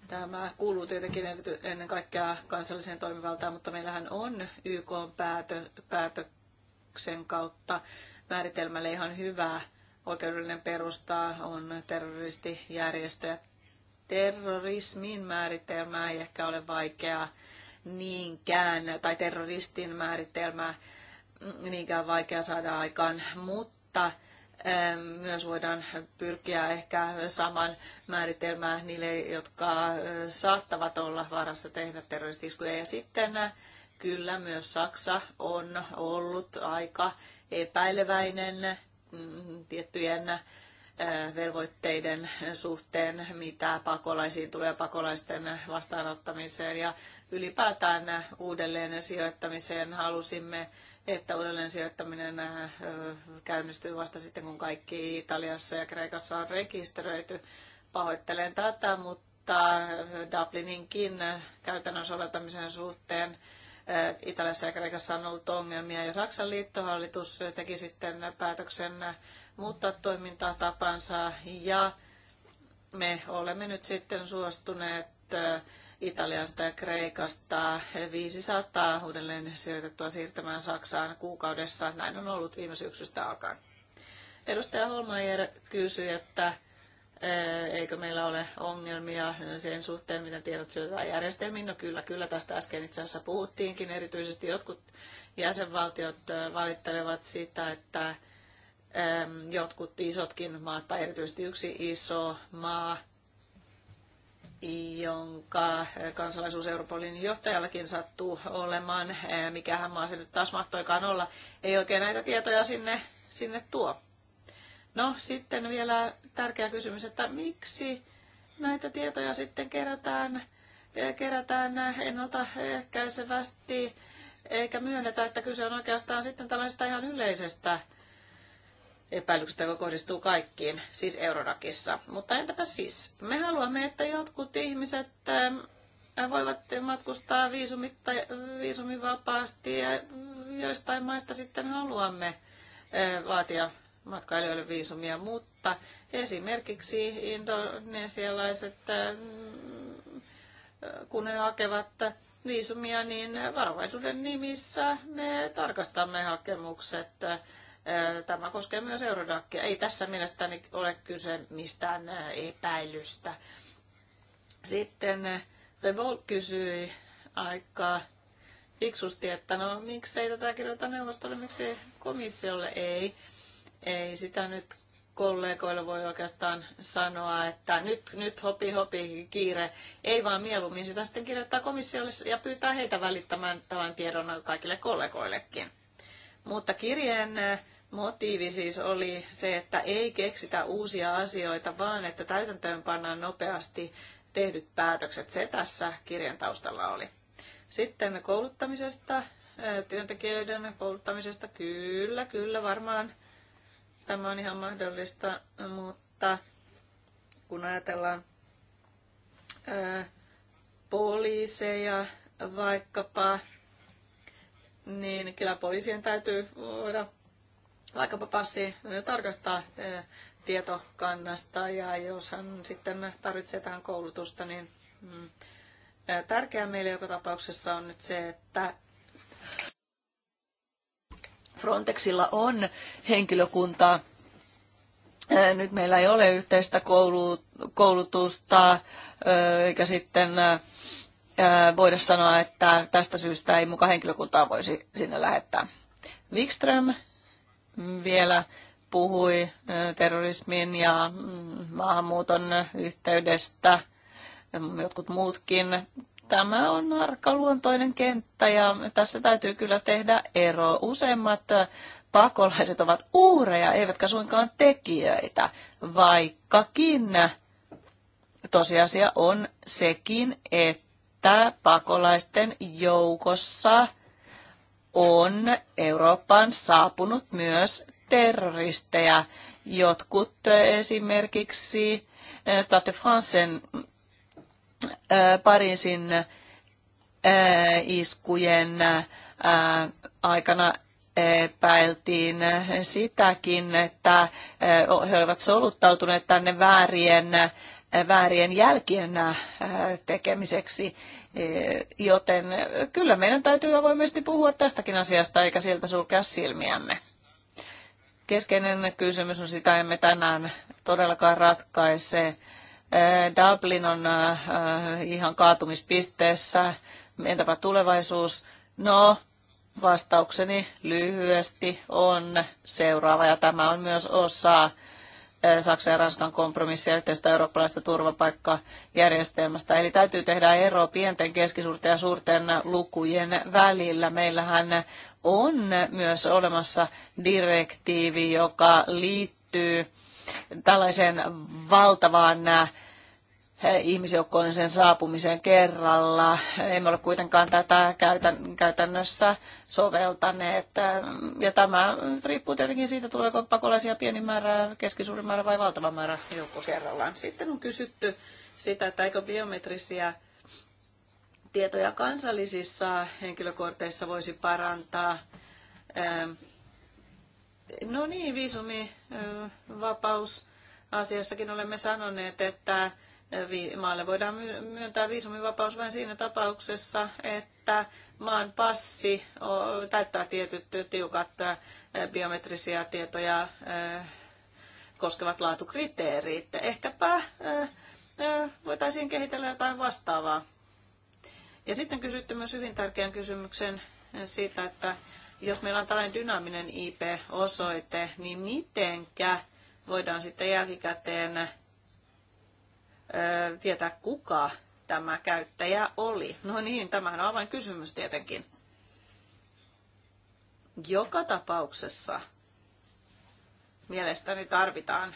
Tämä kuuluu tietenkin ennen kaikkea kansalliseen toimivaltaan, mutta meillähän on YK päätö, päätöksen kautta määritelmälle ihan hyvä oikeudellinen perusta on terroristijärjestöjä. Terrorismin määritelmä ei ehkä ole vaikea niinkään, tai terroristin määritelmä niinkään vaikea saada aikaan, mutta myös voidaan pyrkiä ehkä saman määritelmään niille, jotka saattavat olla vaarassa tehdä terroristiskuja. Ja sitten kyllä myös Saksa on ollut aika epäileväinen mm, tiettyjen velvoitteiden suhteen, mitä pakolaisiin tulee pakolaisten vastaanottamiseen ja ylipäätään uudelleen sijoittamiseen halusimme että uudelleen sijoittaminen äh, käynnistyy vasta sitten, kun kaikki Italiassa ja Kreikassa on rekisteröity. Pahoittelen tätä, mutta äh, Dublininkin äh, käytännön soveltamisen suhteen Italiassa ja Kreikassa on ollut ongelmia ja Saksan liittohallitus teki sitten päätöksen muuttaa toimintatapansa ja me olemme nyt sitten suostuneet Italiasta ja Kreikasta 500 uudelleen sijoitettua siirtämään Saksaan kuukaudessa. Näin on ollut viime syksystä alkaen. Edustaja Holmeier kysyi, että eh, eikö meillä ole ongelmia sen suhteen, miten tiedot syötetään järjestelmiin. No kyllä, kyllä tästä äsken itse asiassa puhuttiinkin. Erityisesti jotkut jäsenvaltiot eh, valittelevat sitä, että jotkut isotkin maat, tai erityisesti yksi iso maa, jonka kansalaisuus Europolin johtajallakin sattuu olemaan, eh, mikähän maa se nyt taas mahtoikaan olla, ei oikein näitä tietoja sinne, sinne tuo. No sitten vielä tärkeä kysymys, että miksi näitä tietoja sitten kerätään, eh, kerätään ennaltaehkäisevästi, eikä myönnetä, että kyse on oikeastaan sitten tällaisesta ihan yleisestä epäilykset, joka kohdistuu kaikkiin, siis Eurodakissa. Mutta entäpä siis, me haluamme, että jotkut ihmiset ähm, voivat matkustaa viisumitta, viisumivapaasti ja joistain maista sitten haluamme äh, vaatia matkailijoille viisumia, mutta esimerkiksi indonesialaiset, ähm, kun he hakevat viisumia, niin varovaisuuden nimissä me tarkastamme hakemukset Tämä koskee myös Eurodakia. Ei tässä mielestäni ole kyse mistään epäilystä. Sitten Revol kysyi aika fiksusti, että no miksei tätä kirjoita neuvostolle, miksi komissiolle ei. Ei sitä nyt kollegoille voi oikeastaan sanoa, että nyt, nyt hopi hopi kiire, ei vaan mieluummin sitä sitten kirjoittaa komissiolle ja pyytää heitä välittämään tämän tiedon kaikille kollegoillekin. Mutta kirjeen motiivi siis oli se, että ei keksitä uusia asioita, vaan että täytäntöön pannaan nopeasti tehdyt päätökset. Se tässä kirjan taustalla oli. Sitten kouluttamisesta, työntekijöiden kouluttamisesta, kyllä, kyllä, varmaan tämä on ihan mahdollista, mutta kun ajatellaan poliiseja vaikkapa, niin kyllä poliisien täytyy voida vaikkapa passi eh, tarkastaa eh, tietokannasta ja jos hän sitten tarvitsee tähän koulutusta, niin mm, eh, tärkeää meille joka tapauksessa on nyt se, että Frontexilla on henkilökuntaa. Nyt meillä ei ole yhteistä koulutusta, eikä sitten voida sanoa, että tästä syystä ei muka henkilökuntaa voisi sinne lähettää. Wikström vielä puhui terrorismin ja mm, maahanmuuton yhteydestä, jotkut muutkin. Tämä on arkaluontoinen kenttä ja tässä täytyy kyllä tehdä ero. Useimmat pakolaiset ovat uhreja, eivätkä suinkaan tekijöitä, vaikkakin tosiasia on sekin, että pakolaisten joukossa on Eurooppaan saapunut myös terroristeja. Jotkut eh, esimerkiksi eh, Stade de Francen eh, Pariisin iskujen aikana epäiltiin sitäkin, että he olivat soluttautuneet tänne väärien, väärien jälkien tekemiseksi. Eh, joten eh, kyllä meidän täytyy avoimesti puhua tästäkin asiasta eikä sieltä sulkea silmiämme. Keskeinen kysymys on sitä, emme tänään todellakaan ratkaise. Eh, Dublin on ihan kaatumispisteessä. Entäpä tulevaisuus? No, vastaukseni lyhyesti on seuraava, ja tämä on myös osa Eh, Saksan ja Ranskan kompromissia yhteistä eurooppalaista turvapaikkajärjestelmästä. Eli täytyy tehdä ero pienten, keskisuurten ja suurten lukujen välillä. Meillähän on myös olemassa direktiivi, joka liittyy tällaiseen valtavaan ihmisjoukkoon sen saapumiseen kerralla. Emme ole kuitenkaan tätä käytännössä soveltaneet. Ja tämä riippuu tietenkin siitä, tuleeko pakolaisia pieni määrä, keskisuuri määrä vai valtava määrä joukko kerrallaan. Sitten on kysytty sitä, että eikö biometrisiä tietoja kansallisissa henkilökorteissa voisi parantaa. No niin, viisumivapaus asiassakin olemme sanoneet, että maalle voidaan myöntää viisumivapaus vain siinä tapauksessa, että maan passi täyttää tietyt tiukat biometrisiä tietoja koskevat laatukriteerit. Ehkäpä voitaisiin kehitellä jotain vastaavaa. Ja sitten kysytte myös hyvin tärkeän kysymyksen siitä, että jos meillä on tällainen dynaaminen IP-osoite, niin mitenkä voidaan sitten jälkikäteen tietää, kuka tämä käyttäjä oli. No niin, tämähän on aivan kysymys tietenkin. Joka tapauksessa mielestäni tarvitaan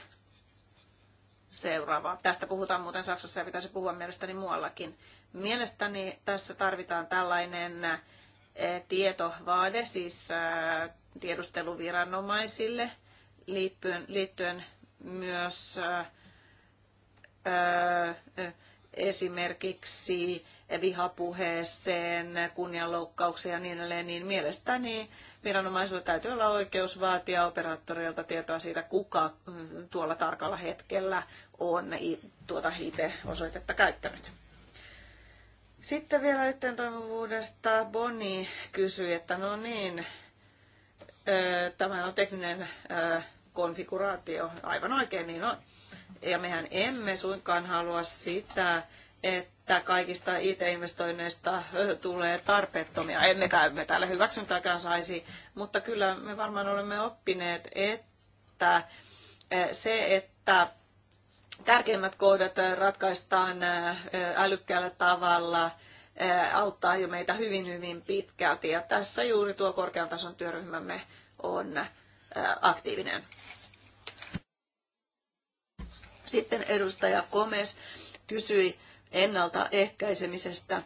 seuraava. Tästä puhutaan muuten Saksassa ja pitäisi puhua mielestäni muuallakin. Mielestäni tässä tarvitaan tällainen tietovaade siis tiedusteluviranomaisille liittyen, liittyen myös esimerkiksi vihapuheeseen, kunnianloukkaukseen ja niin edelleen, niin mielestäni viranomaisilla täytyy olla oikeus vaatia operaattorilta tietoa siitä, kuka mm, tuolla tarkalla hetkellä on tuota IT-osoitetta käyttänyt. Sitten vielä yhteen toimivuudesta. Boni kysyi, että no niin, tämä on tekninen konfiguraatio. Aivan oikein, niin on. Ja mehän emme suinkaan halua sitä, että kaikista IT-investoinneista tulee tarpeettomia. Emmekä me täällä hyväksyntääkään saisi, mutta kyllä me varmaan olemme oppineet, että se, että tärkeimmät kohdat ratkaistaan älykkäällä tavalla, auttaa jo meitä hyvin, hyvin pitkälti. Ja tässä juuri tuo korkean tason työryhmämme on aktiivinen. Sitten edustaja Komes kysyi ennaltaehkäisemisestä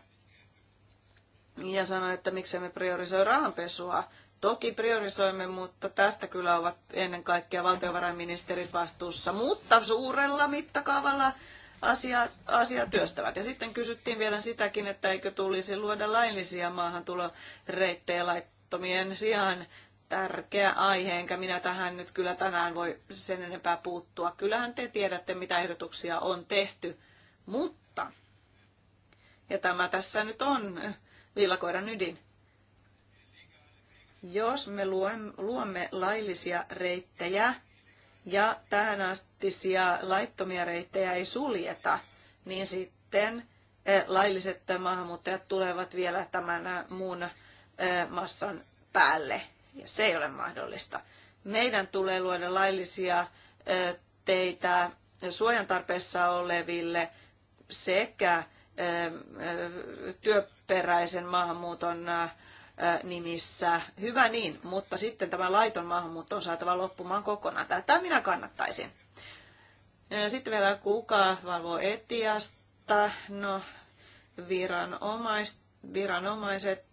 ja sanoi, että miksi me priorisoi rahanpesua. Toki priorisoimme, mutta tästä kyllä ovat ennen kaikkea valtiovarainministerit vastuussa, mutta suurella mittakaavalla asia, asia työstävät. Ja sitten kysyttiin vielä sitäkin, että eikö tulisi luoda laillisia maahantuloreittejä laittomien sijaan tärkeä aihe, enkä minä tähän nyt kyllä tänään voi sen enempää puuttua. Kyllähän te tiedätte, mitä ehdotuksia on tehty, mutta, ja tämä tässä nyt on villakoiran ydin, jos me luomme laillisia reittejä ja tähän tähänastisia laittomia reittejä ei suljeta, niin sitten eh, lailliset maahanmuuttajat tulevat vielä tämän eh, muun eh, massan päälle. Ja se ei ole mahdollista. Meidän tulee luoda laillisia teitä suojan tarpeessa oleville sekä työperäisen maahanmuuton nimissä. Hyvä niin, mutta sitten tämä laiton maahanmuutto on saatava loppumaan kokonaan. Tätä minä kannattaisin. Sitten vielä kuka valvoo etiasta. No, viranomaiset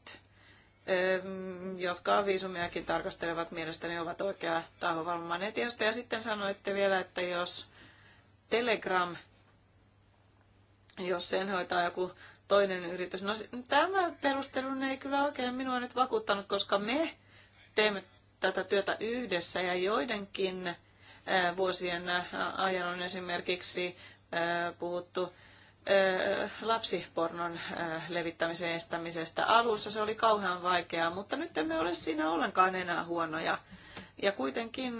jotka viisumiakin tarkastelevat mielestäni ovat oikea taho valvomaan etiasta. Ja sitten sanoitte vielä, että jos Telegram, jos sen hoitaa joku toinen yritys. No tämä perustelu ei kyllä oikein minua nyt vakuuttanut, koska me teemme tätä työtä yhdessä ja joidenkin eh, vuosien eh, ajan on esimerkiksi eh, puhuttu lapsipornon levittämisen estämisestä. Alussa se oli kauhean vaikeaa, mutta nyt emme ole siinä ollenkaan enää huonoja. Ja kuitenkin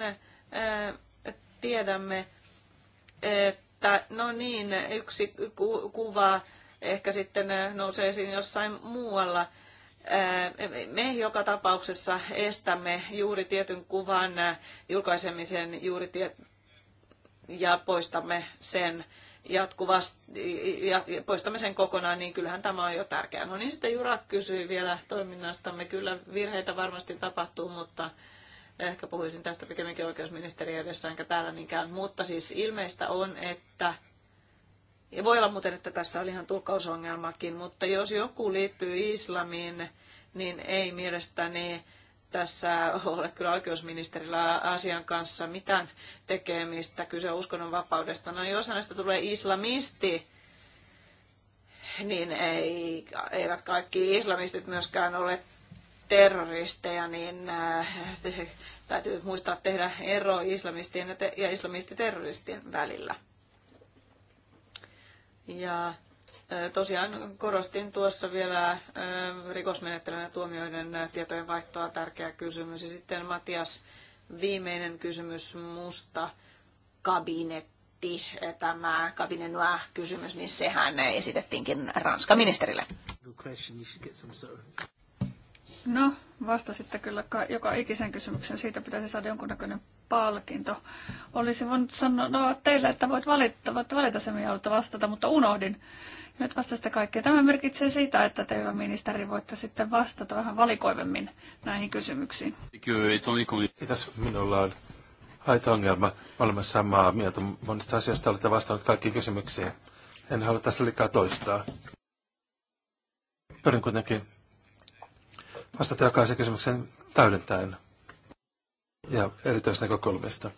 tiedämme, että no niin, yksi kuva ehkä sitten nousee esiin jossain muualla. Me joka tapauksessa estämme juuri tietyn kuvan julkaisemisen juuri tie- ja poistamme sen jatkuvasti, ja poistamme sen kokonaan, niin kyllähän tämä on jo tärkeää. No niin, sitten Jura kysyi vielä toiminnastamme. Kyllä virheitä varmasti tapahtuu, mutta ehkä puhuisin tästä pikemminkin oikeusministeri edessä, enkä täällä niinkään. Mutta siis ilmeistä on, että ja voi olla muuten, että tässä oli ihan tulkkausongelmakin, mutta jos joku liittyy islamiin, niin ei mielestäni tässä ole kyllä oikeusministerillä asian kanssa mitään tekemistä. Kyse on uskonnonvapaudesta. No jos hänestä tulee islamisti, niin ei, eivät kaikki islamistit myöskään ole terroristeja, niin äh, *laughs* täytyy muistaa tehdä ero islamistien ja islamistiterroristien välillä. Ja Tosiaan korostin tuossa vielä rikosmenettelyn ja tuomioiden tietojen vaihtoa tärkeä kysymys. Ja sitten Matias, viimeinen kysymys musta kabinetti, tämä kabinet kysymys, niin sehän esitettiinkin Ranskan ministerille. No, vastasitte kyllä joka ikisen kysymyksen. Siitä pitäisi saada jonkunnäköinen palkinto. Olisin voinut sanoa no, teille, että voit valita, voit valita sen, mihin haluatte vastata, mutta unohdin. Nyt vastasitte kaikkea. Tämä merkitsee sitä, että te, hyvä ministeri, voitte sitten vastata vähän valikoivemmin näihin kysymyksiin. Niin Kiitos. Minulla on aito ongelma. Olemme samaa mieltä. Monista asioista olette vastannut kaikkiin kysymyksiin. En halua tässä liikaa toistaa. Pyrin kuitenkin vastata jokaisen kysymyksen täydentäen ja erityisnäkökulmista.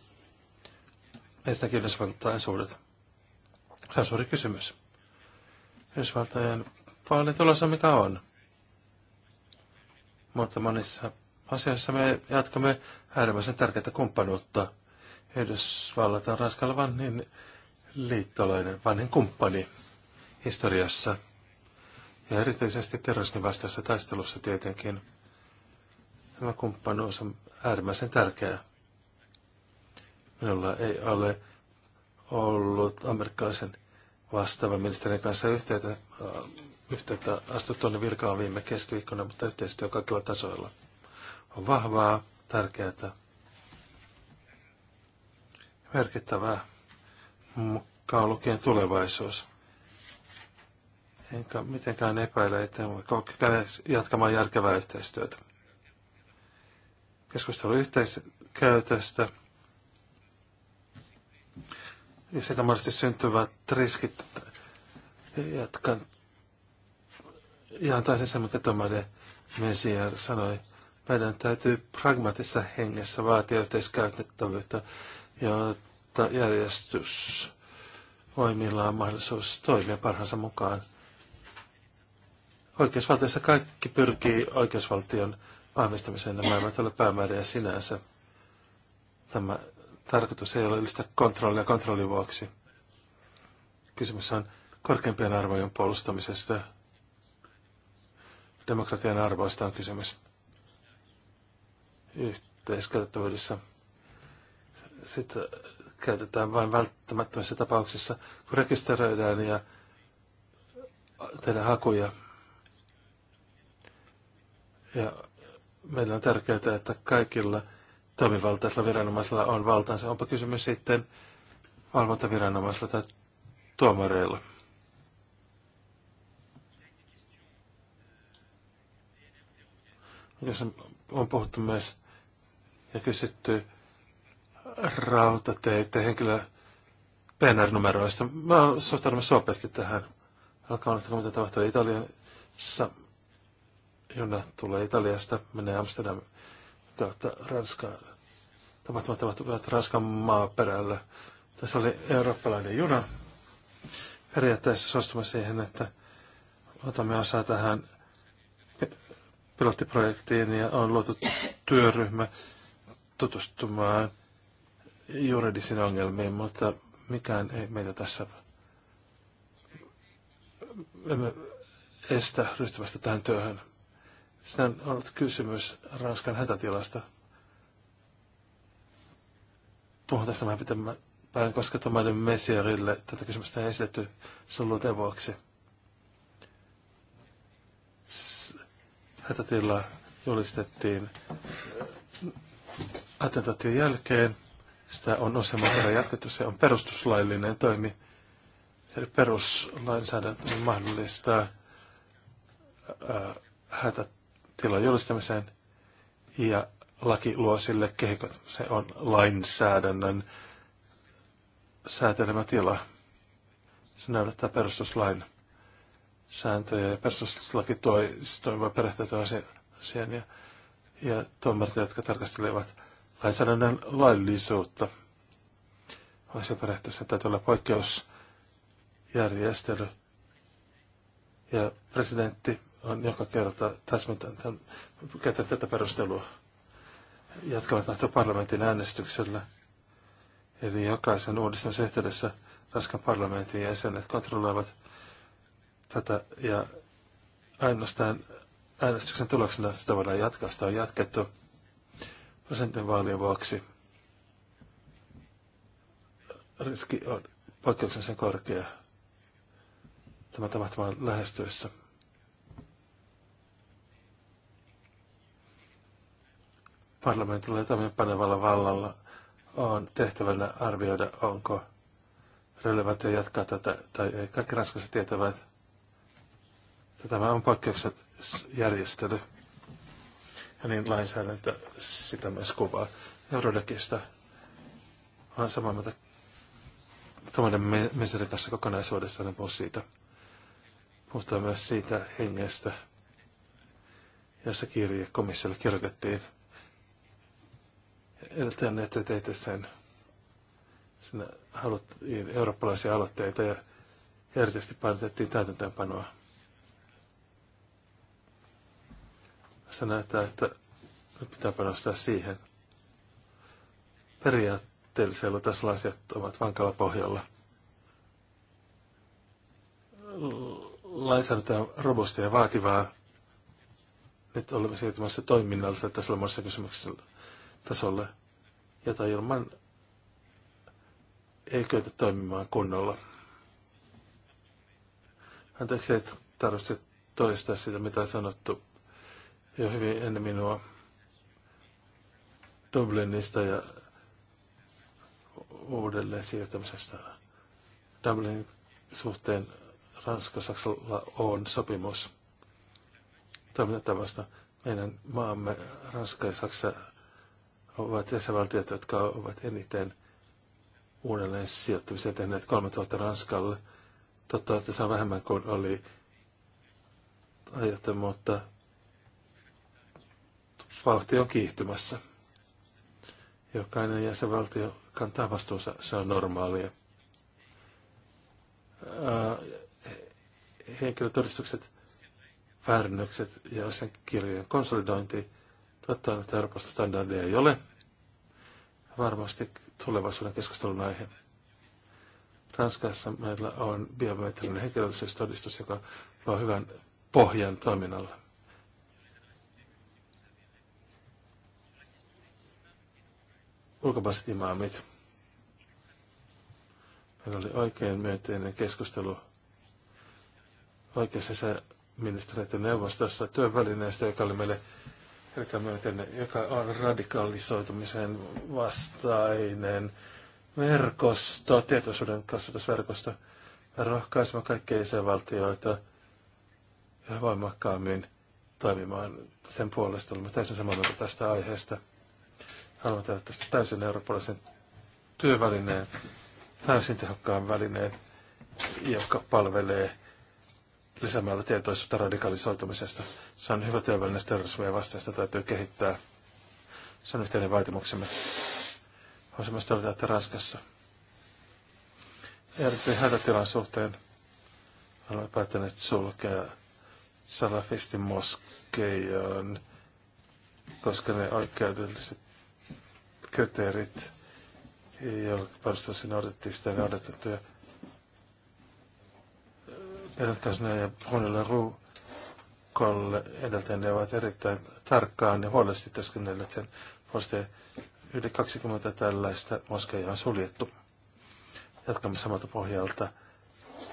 Ensinnäkin Yhdysvaltain suuret. Se on suuri kysymys. Yhdysvaltojen vaalitulos on mikä on. Mutta monissa asioissa me jatkamme äärimmäisen tärkeää kumppanuutta. Yhdysvallat on Ranskalla vanhin liittolainen, vanhin kumppani historiassa. Ja erityisesti terrorismin vastaisessa taistelussa tietenkin. Tämä kumppanuus on äärimmäisen tärkeää. Minulla ei ole ollut amerikkalaisen vastaavan ministerin kanssa yhteyttä, äh, yhteyttä astuttuani virkaan viime keskiviikkona, mutta yhteistyö kaikilla tasoilla on vahvaa, tärkeää, merkittävää, mukaan lukien tulevaisuus. Enkä mitenkään epäile, että jatkamaan järkevää yhteistyötä keskustelu yhteiskäytöstä ja sekä mahdollisesti syntyvät riskit, jatkan ihan täysin se, mitä Tomade Messier sanoi. Meidän täytyy pragmatissa hengessä vaatia yhteiskäytettävyyttä, jotta järjestys voimilla on mahdollisuus toimia parhaansa mukaan. Oikeusvaltiossa kaikki pyrkii oikeusvaltion vahvistamiseen nämä eivät ole päämääriä sinänsä. Tämä tarkoitus ei ole lisätä kontrollia kontrollin vuoksi. Kysymys on korkeimpien arvojen puolustamisesta. Demokratian arvoista on kysymys yhteiskäytettävyydessä. Sitä käytetään vain välttämättömissä tapauksissa, kun rekisteröidään ja tehdään hakuja. Ja meillä on tärkeää, että kaikilla toimivaltaisilla viranomaisilla on valtansa. Onpa kysymys sitten valvontaviranomaisilla tai tuomareilla. Jos on, on puhuttu myös ja kysytty rautateiden henkilö PNR-numeroista. Mä suhtautunut sopeasti tähän. Alkaa olla, mitä tapahtuu Italiassa juna tulee Italiasta, menee Amsterdam kautta Ranska, Tapahtumat tapahtuvat Ranskan maaperällä. Tässä oli eurooppalainen juna. Periaatteessa suostumme siihen, että otamme osaa tähän pilottiprojektiin ja on luotu työryhmä tutustumaan juridisiin ongelmiin, mutta mikään ei meitä tässä emme estä ryhtymästä tähän työhön. Siinä on ollut kysymys Ranskan hätätilasta. Puhun tästä vähän pitemmän päin, koska Tomaille Messierille tätä kysymystä on esitetty suluten vuoksi. Hätätila julistettiin attentaattien jälkeen. Sitä on useamman kerran jatkettu. Se on perustuslaillinen toimi. Eli peruslainsäädäntö mahdollistaa hätät tilan julistamiseen ja laki luo sille kehikot. Se on lainsäädännön säätelemä tila. Se näyttää perustuslain sääntöjä ja perustuslaki toi voi perehtyä asiaan ja, ja tuomarit, jotka tarkastelevat lainsäädännön laillisuutta. Voisi perehtyä, se täytyy olla poikkeusjärjestely. Ja presidentti on joka kerta täsmentänyt käyttää tätä perustelua. Jatkavat nähtyä parlamentin äänestyksellä. Eli jokaisen uudistuksen yhteydessä Ranskan parlamentin jäsenet kontrolloivat tätä ja ainoastaan äänestyksen tuloksena sitä voidaan jatkaa. Sitä on jatkettu vaalien vuoksi. Riski on poikkeuksellisen korkea tämä tapahtuma lähestyessä. parlamentilla ja toimeenpanevalla vallalla on tehtävänä arvioida, onko relevantia jatkaa tätä tai ei. Kaikki Ranskassa tietävät, että tämä on poikkeuksen järjestely. Ja niin lainsäädäntö sitä myös kuvaa. Eurodekista olen samaa mieltä tuommoinen Meserin kanssa kokonaisuudessaan, en puhu siitä. Puhutaan myös siitä hengestä, jossa kirje komissiolle kirjoitettiin – Edeltään, että teitä sen. Sinä haluttiin eurooppalaisia aloitteita ja erityisesti painotettiin täytäntöönpanoa. Se näyttää, että nyt pitää panostaa siihen. Periaatteellisella tasolla asiat ovat vankalla pohjalla. Lainsäädäntö on robustia ja vaativaa. Nyt olemme siirtymässä toiminnalliselle tasolla monissa kysymyksissä tasolle, jota ilman ei kyetä toimimaan kunnolla. Anteeksi, että tarvitse toistaa sitä, mitä on sanottu jo hyvin ennen minua Dublinista ja uudelleen siirtämisestä. Dublin suhteen Ranska-Saksalla on sopimus toimintatavasta. Meidän maamme Ranska ja Saksa ovat jäsenvaltiot, jotka ovat eniten uudelleen sijoittamisia tehneet 3000 Ranskalle. Totta, että se on vähemmän kuin oli ajattu, mutta vauhti on kiihtymässä. Jokainen jäsenvaltio kantaa vastuunsa, se on normaalia. Henkilötodistukset, väärännökset ja sen kirjojen konsolidointi – Totta, että Euroopassa standardeja ei ole. Varmasti tulevaisuuden keskustelun aihe. Ranskassa meillä on biometrinen henkilöllisyystodistus, joka luo hyvän pohjan toiminnalle. Ulkopaiset imaamit. Meillä oli oikein myönteinen keskustelu oikeus- ja neuvostossa työvälineestä, joka oli meille jota myöten, joka on radikalisoitumisen vastainen verkosto, tietoisuuden kasvatusverkosto. Ja rohkaisema kaikkia isävaltioita ja voimakkaammin toimimaan sen puolesta. Olemme täysin samaa mieltä tästä aiheesta. Haluamme tehdä tästä täysin eurooppalaisen työvälineen, täysin tehokkaan välineen, joka palvelee lisäämällä tietoisuutta radikalisoitumisesta. Se on hyvä työväline terrorismia vastaan, sitä täytyy kehittää. Se on yhteinen vaatimuksemme. Voisi myös todeta, että Ranskassa järjestettiin hätätilan suhteen. Olemme päättäneet sulkea salafistin moskeijan, koska ne oikeudelliset kriteerit, joilla perustuessa noudattiin sitä noudatettuja Edeltäjänä ja Honilla Ruukolle edeltäjänne ovat erittäin tarkkaan ja huolellisesti työskennelleet sen vuosien Yli 20 tällaista moskeijaa on suljettu. Jatkamme samalta pohjalta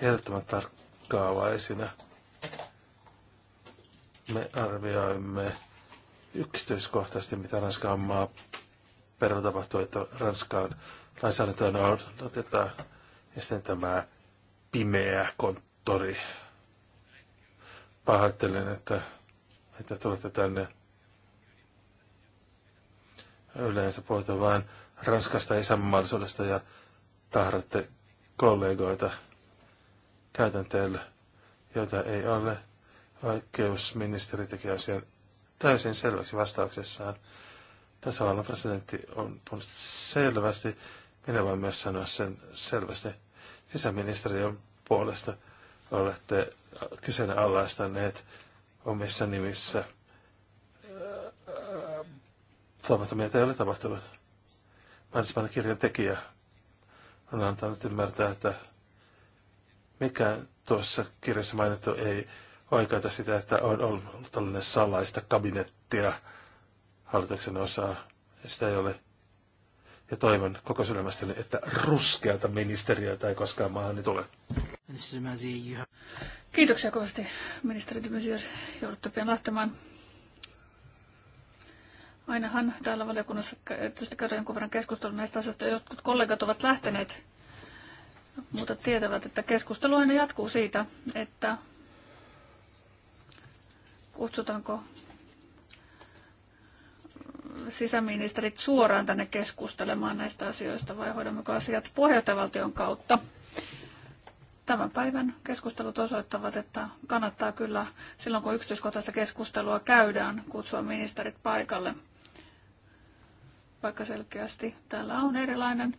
erittäin tarkkaavaisina. Me arvioimme yksityiskohtaisesti, mitä Ranskan maa perä tapahtuu, että Ranskaan lainsäädäntöön otetaan Ja sitten tämä pimeä kontti tori. Pahoittelen, että, että tulette tänne. Yleensä puhutaan vain Ranskasta isänmaallisuudesta ja tahdotte kollegoita käytänteelle, jota ei ole. Oikeusministeri teki asian täysin selväksi vastauksessaan. Tasavallan presidentti on puhunut selvästi. Minä voin myös sanoa sen selvästi. Sisäministeri on puolesta olette kyseenalaistaneet omissa nimissä. Äh, äh, tapahtumia ei ole tapahtunut. Mansimainen kirjan tekijä on antanut ymmärtää, että mikä tuossa kirjassa mainittu ei oikeuta sitä, että on ollut tällainen salaista kabinettia hallituksen osaa. Sitä ei ole. Ja toivon koko sydämestäni, että ruskeata ministeriötä ei koskaan maahan tule. Kiitoksia kovasti, ministeri Dymysier. Joudutte pian lähtemään. Ainahan täällä valiokunnassa tietysti käydään jonkun verran keskustelua näistä asioista. Jotkut kollegat ovat lähteneet, mutta tietävät, että keskustelu aina jatkuu siitä, että kutsutaanko sisäministerit suoraan tänne keskustelemaan näistä asioista vai hoidammeko asiat puheenjohtajavaltion kautta. Tämän päivän keskustelut osoittavat, että kannattaa kyllä silloin, kun yksityiskohtaista keskustelua käydään, kutsua ministerit paikalle. Vaikka selkeästi täällä on erilainen,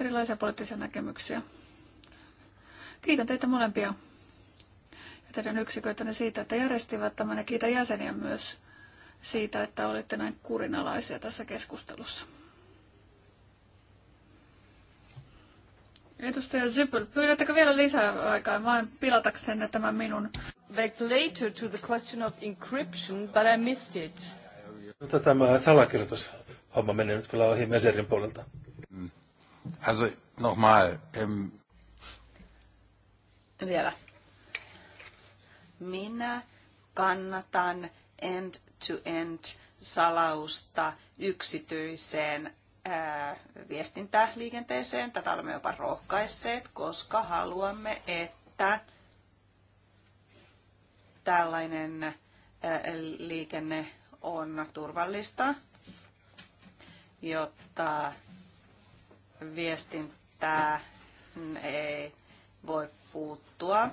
erilaisia poliittisia näkemyksiä. Kiitän teitä molempia ja teidän yksiköitänne siitä, että järjestivät tämän ja kiitän jäseniä myös siitä, että olitte näin kurinalaisia tässä keskustelussa. Edustaja Zippel, pyydättekö vielä lisää aikaa vain pilataksenne tämän minun? Back later to the question of encryption, but I missed it. Mutta tämä salakirjoitus homma menee nyt kyllä ohi Meserin puolelta. Mm. Also, nochmal. Ähm... Vielä. Minä kannatan end-to-end -end salausta yksityiseen viestintää liikenteeseen. Tätä olemme jopa rohkaisseet, koska haluamme, että tällainen liikenne on turvallista, jotta viestintää ei voi puuttua.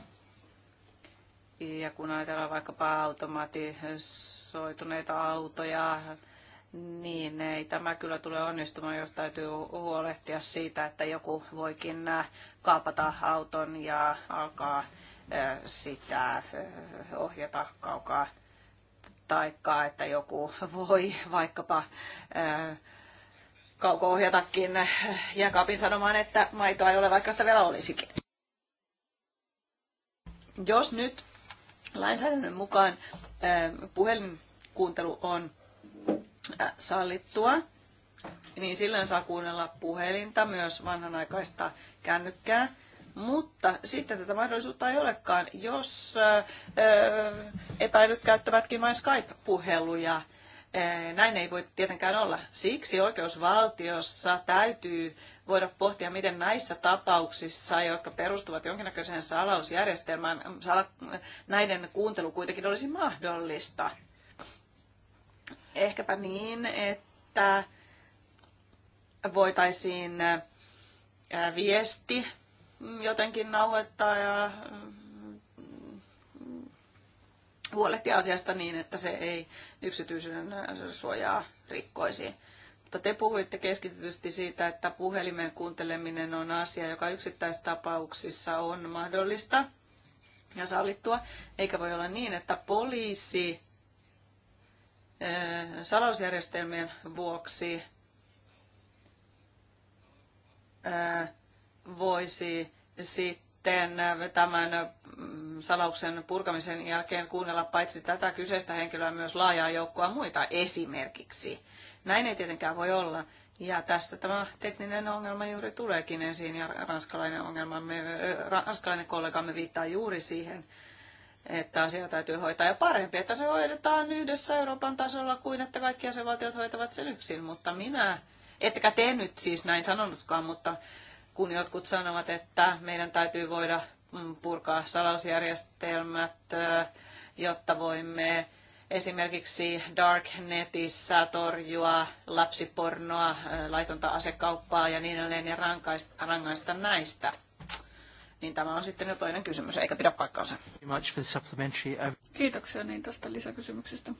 Ja kun ajatellaan vaikkapa automatisoituneita autoja, niin ei tämä kyllä tule onnistumaan, jos täytyy huolehtia siitä, että joku voikin äh, kaapata auton ja alkaa äh, sitä äh, ohjata kaukaa. Taikka, että joku voi vaikkapa kauko-ohjatakin jääkaapin sanomaan, että maitoa ei ole, vaikka sitä vielä olisikin. Jos nyt lainsäädännön mukaan puhelinkuuntelu on Äh, sallittua, niin silloin saa kuunnella puhelinta, myös vanhanaikaista kännykkää. Mutta sitten tätä mahdollisuutta ei olekaan, jos öö, epäilyt käyttävätkin vain Skype-puheluja. Näin ei voi tietenkään olla. Siksi oikeusvaltiossa täytyy voida pohtia, miten näissä tapauksissa, jotka perustuvat jonkinnäköiseen salausjärjestelmään, näiden kuuntelu kuitenkin olisi mahdollista ehkäpä niin, että voitaisiin viesti jotenkin nauhoittaa ja mm, huolehtia asiasta niin, että se ei yksityisyyden suojaa rikkoisi. Mutta te puhuitte keskitetysti siitä, että puhelimen kuunteleminen on asia, joka yksittäistapauksissa on mahdollista ja sallittua, eikä voi olla niin, että poliisi Eh, salausjärjestelmien vuoksi eh, voisi sitten eh, tämän salauksen purkamisen jälkeen kuunnella paitsi tätä kyseistä henkilöä myös laajaa joukkoa muita esimerkiksi. Näin ei tietenkään voi olla. Ja tässä tämä tekninen ongelma juuri tuleekin ensin ja ranskalainen, ongelma, me ranskalainen kollegamme viittaa juuri siihen, että asia täytyy hoitaa. Ja parempi, että se hoidetaan yhdessä Euroopan tasolla kuin että kaikki jäsenvaltiot hoitavat sen yksin. Mutta minä, ettekä te nyt siis näin sanonutkaan, mutta kun jotkut sanovat, että meidän täytyy voida mm, purkaa salausjärjestelmät, jotta voimme esimerkiksi Darknetissä torjua lapsipornoa, laitonta asekauppaa ja niin edelleen ja rankaista, rangaista näistä niin tämä on sitten jo toinen kysymys, eikä pidä paikkaansa. Uh, Kiitoksia niin tästä lisäkysymyksestä.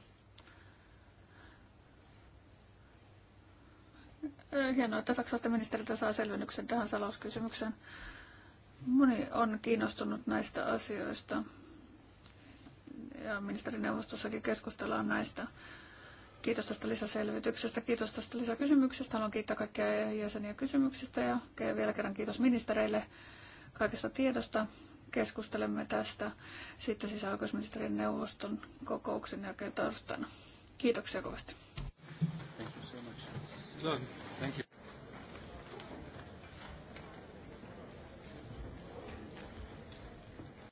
Hienoa, että Saksasta ministeriltä saa selvennyksen tähän salauskysymykseen. Moni on kiinnostunut näistä asioista ja ministerineuvostossakin keskustellaan näistä. Kiitos tästä lisäselvityksestä, kiitos tästä lisäkysymyksestä. Haluan kiittää kaikkia jäseniä kysymyksistä ja vielä kerran kiitos ministereille kaikesta tiedosta. Keskustelemme tästä sitten sisäoikeusministerin neuvoston kokouksen jälkeen torstaina. Kiitoksia kovasti. Thank you so much. Thank you.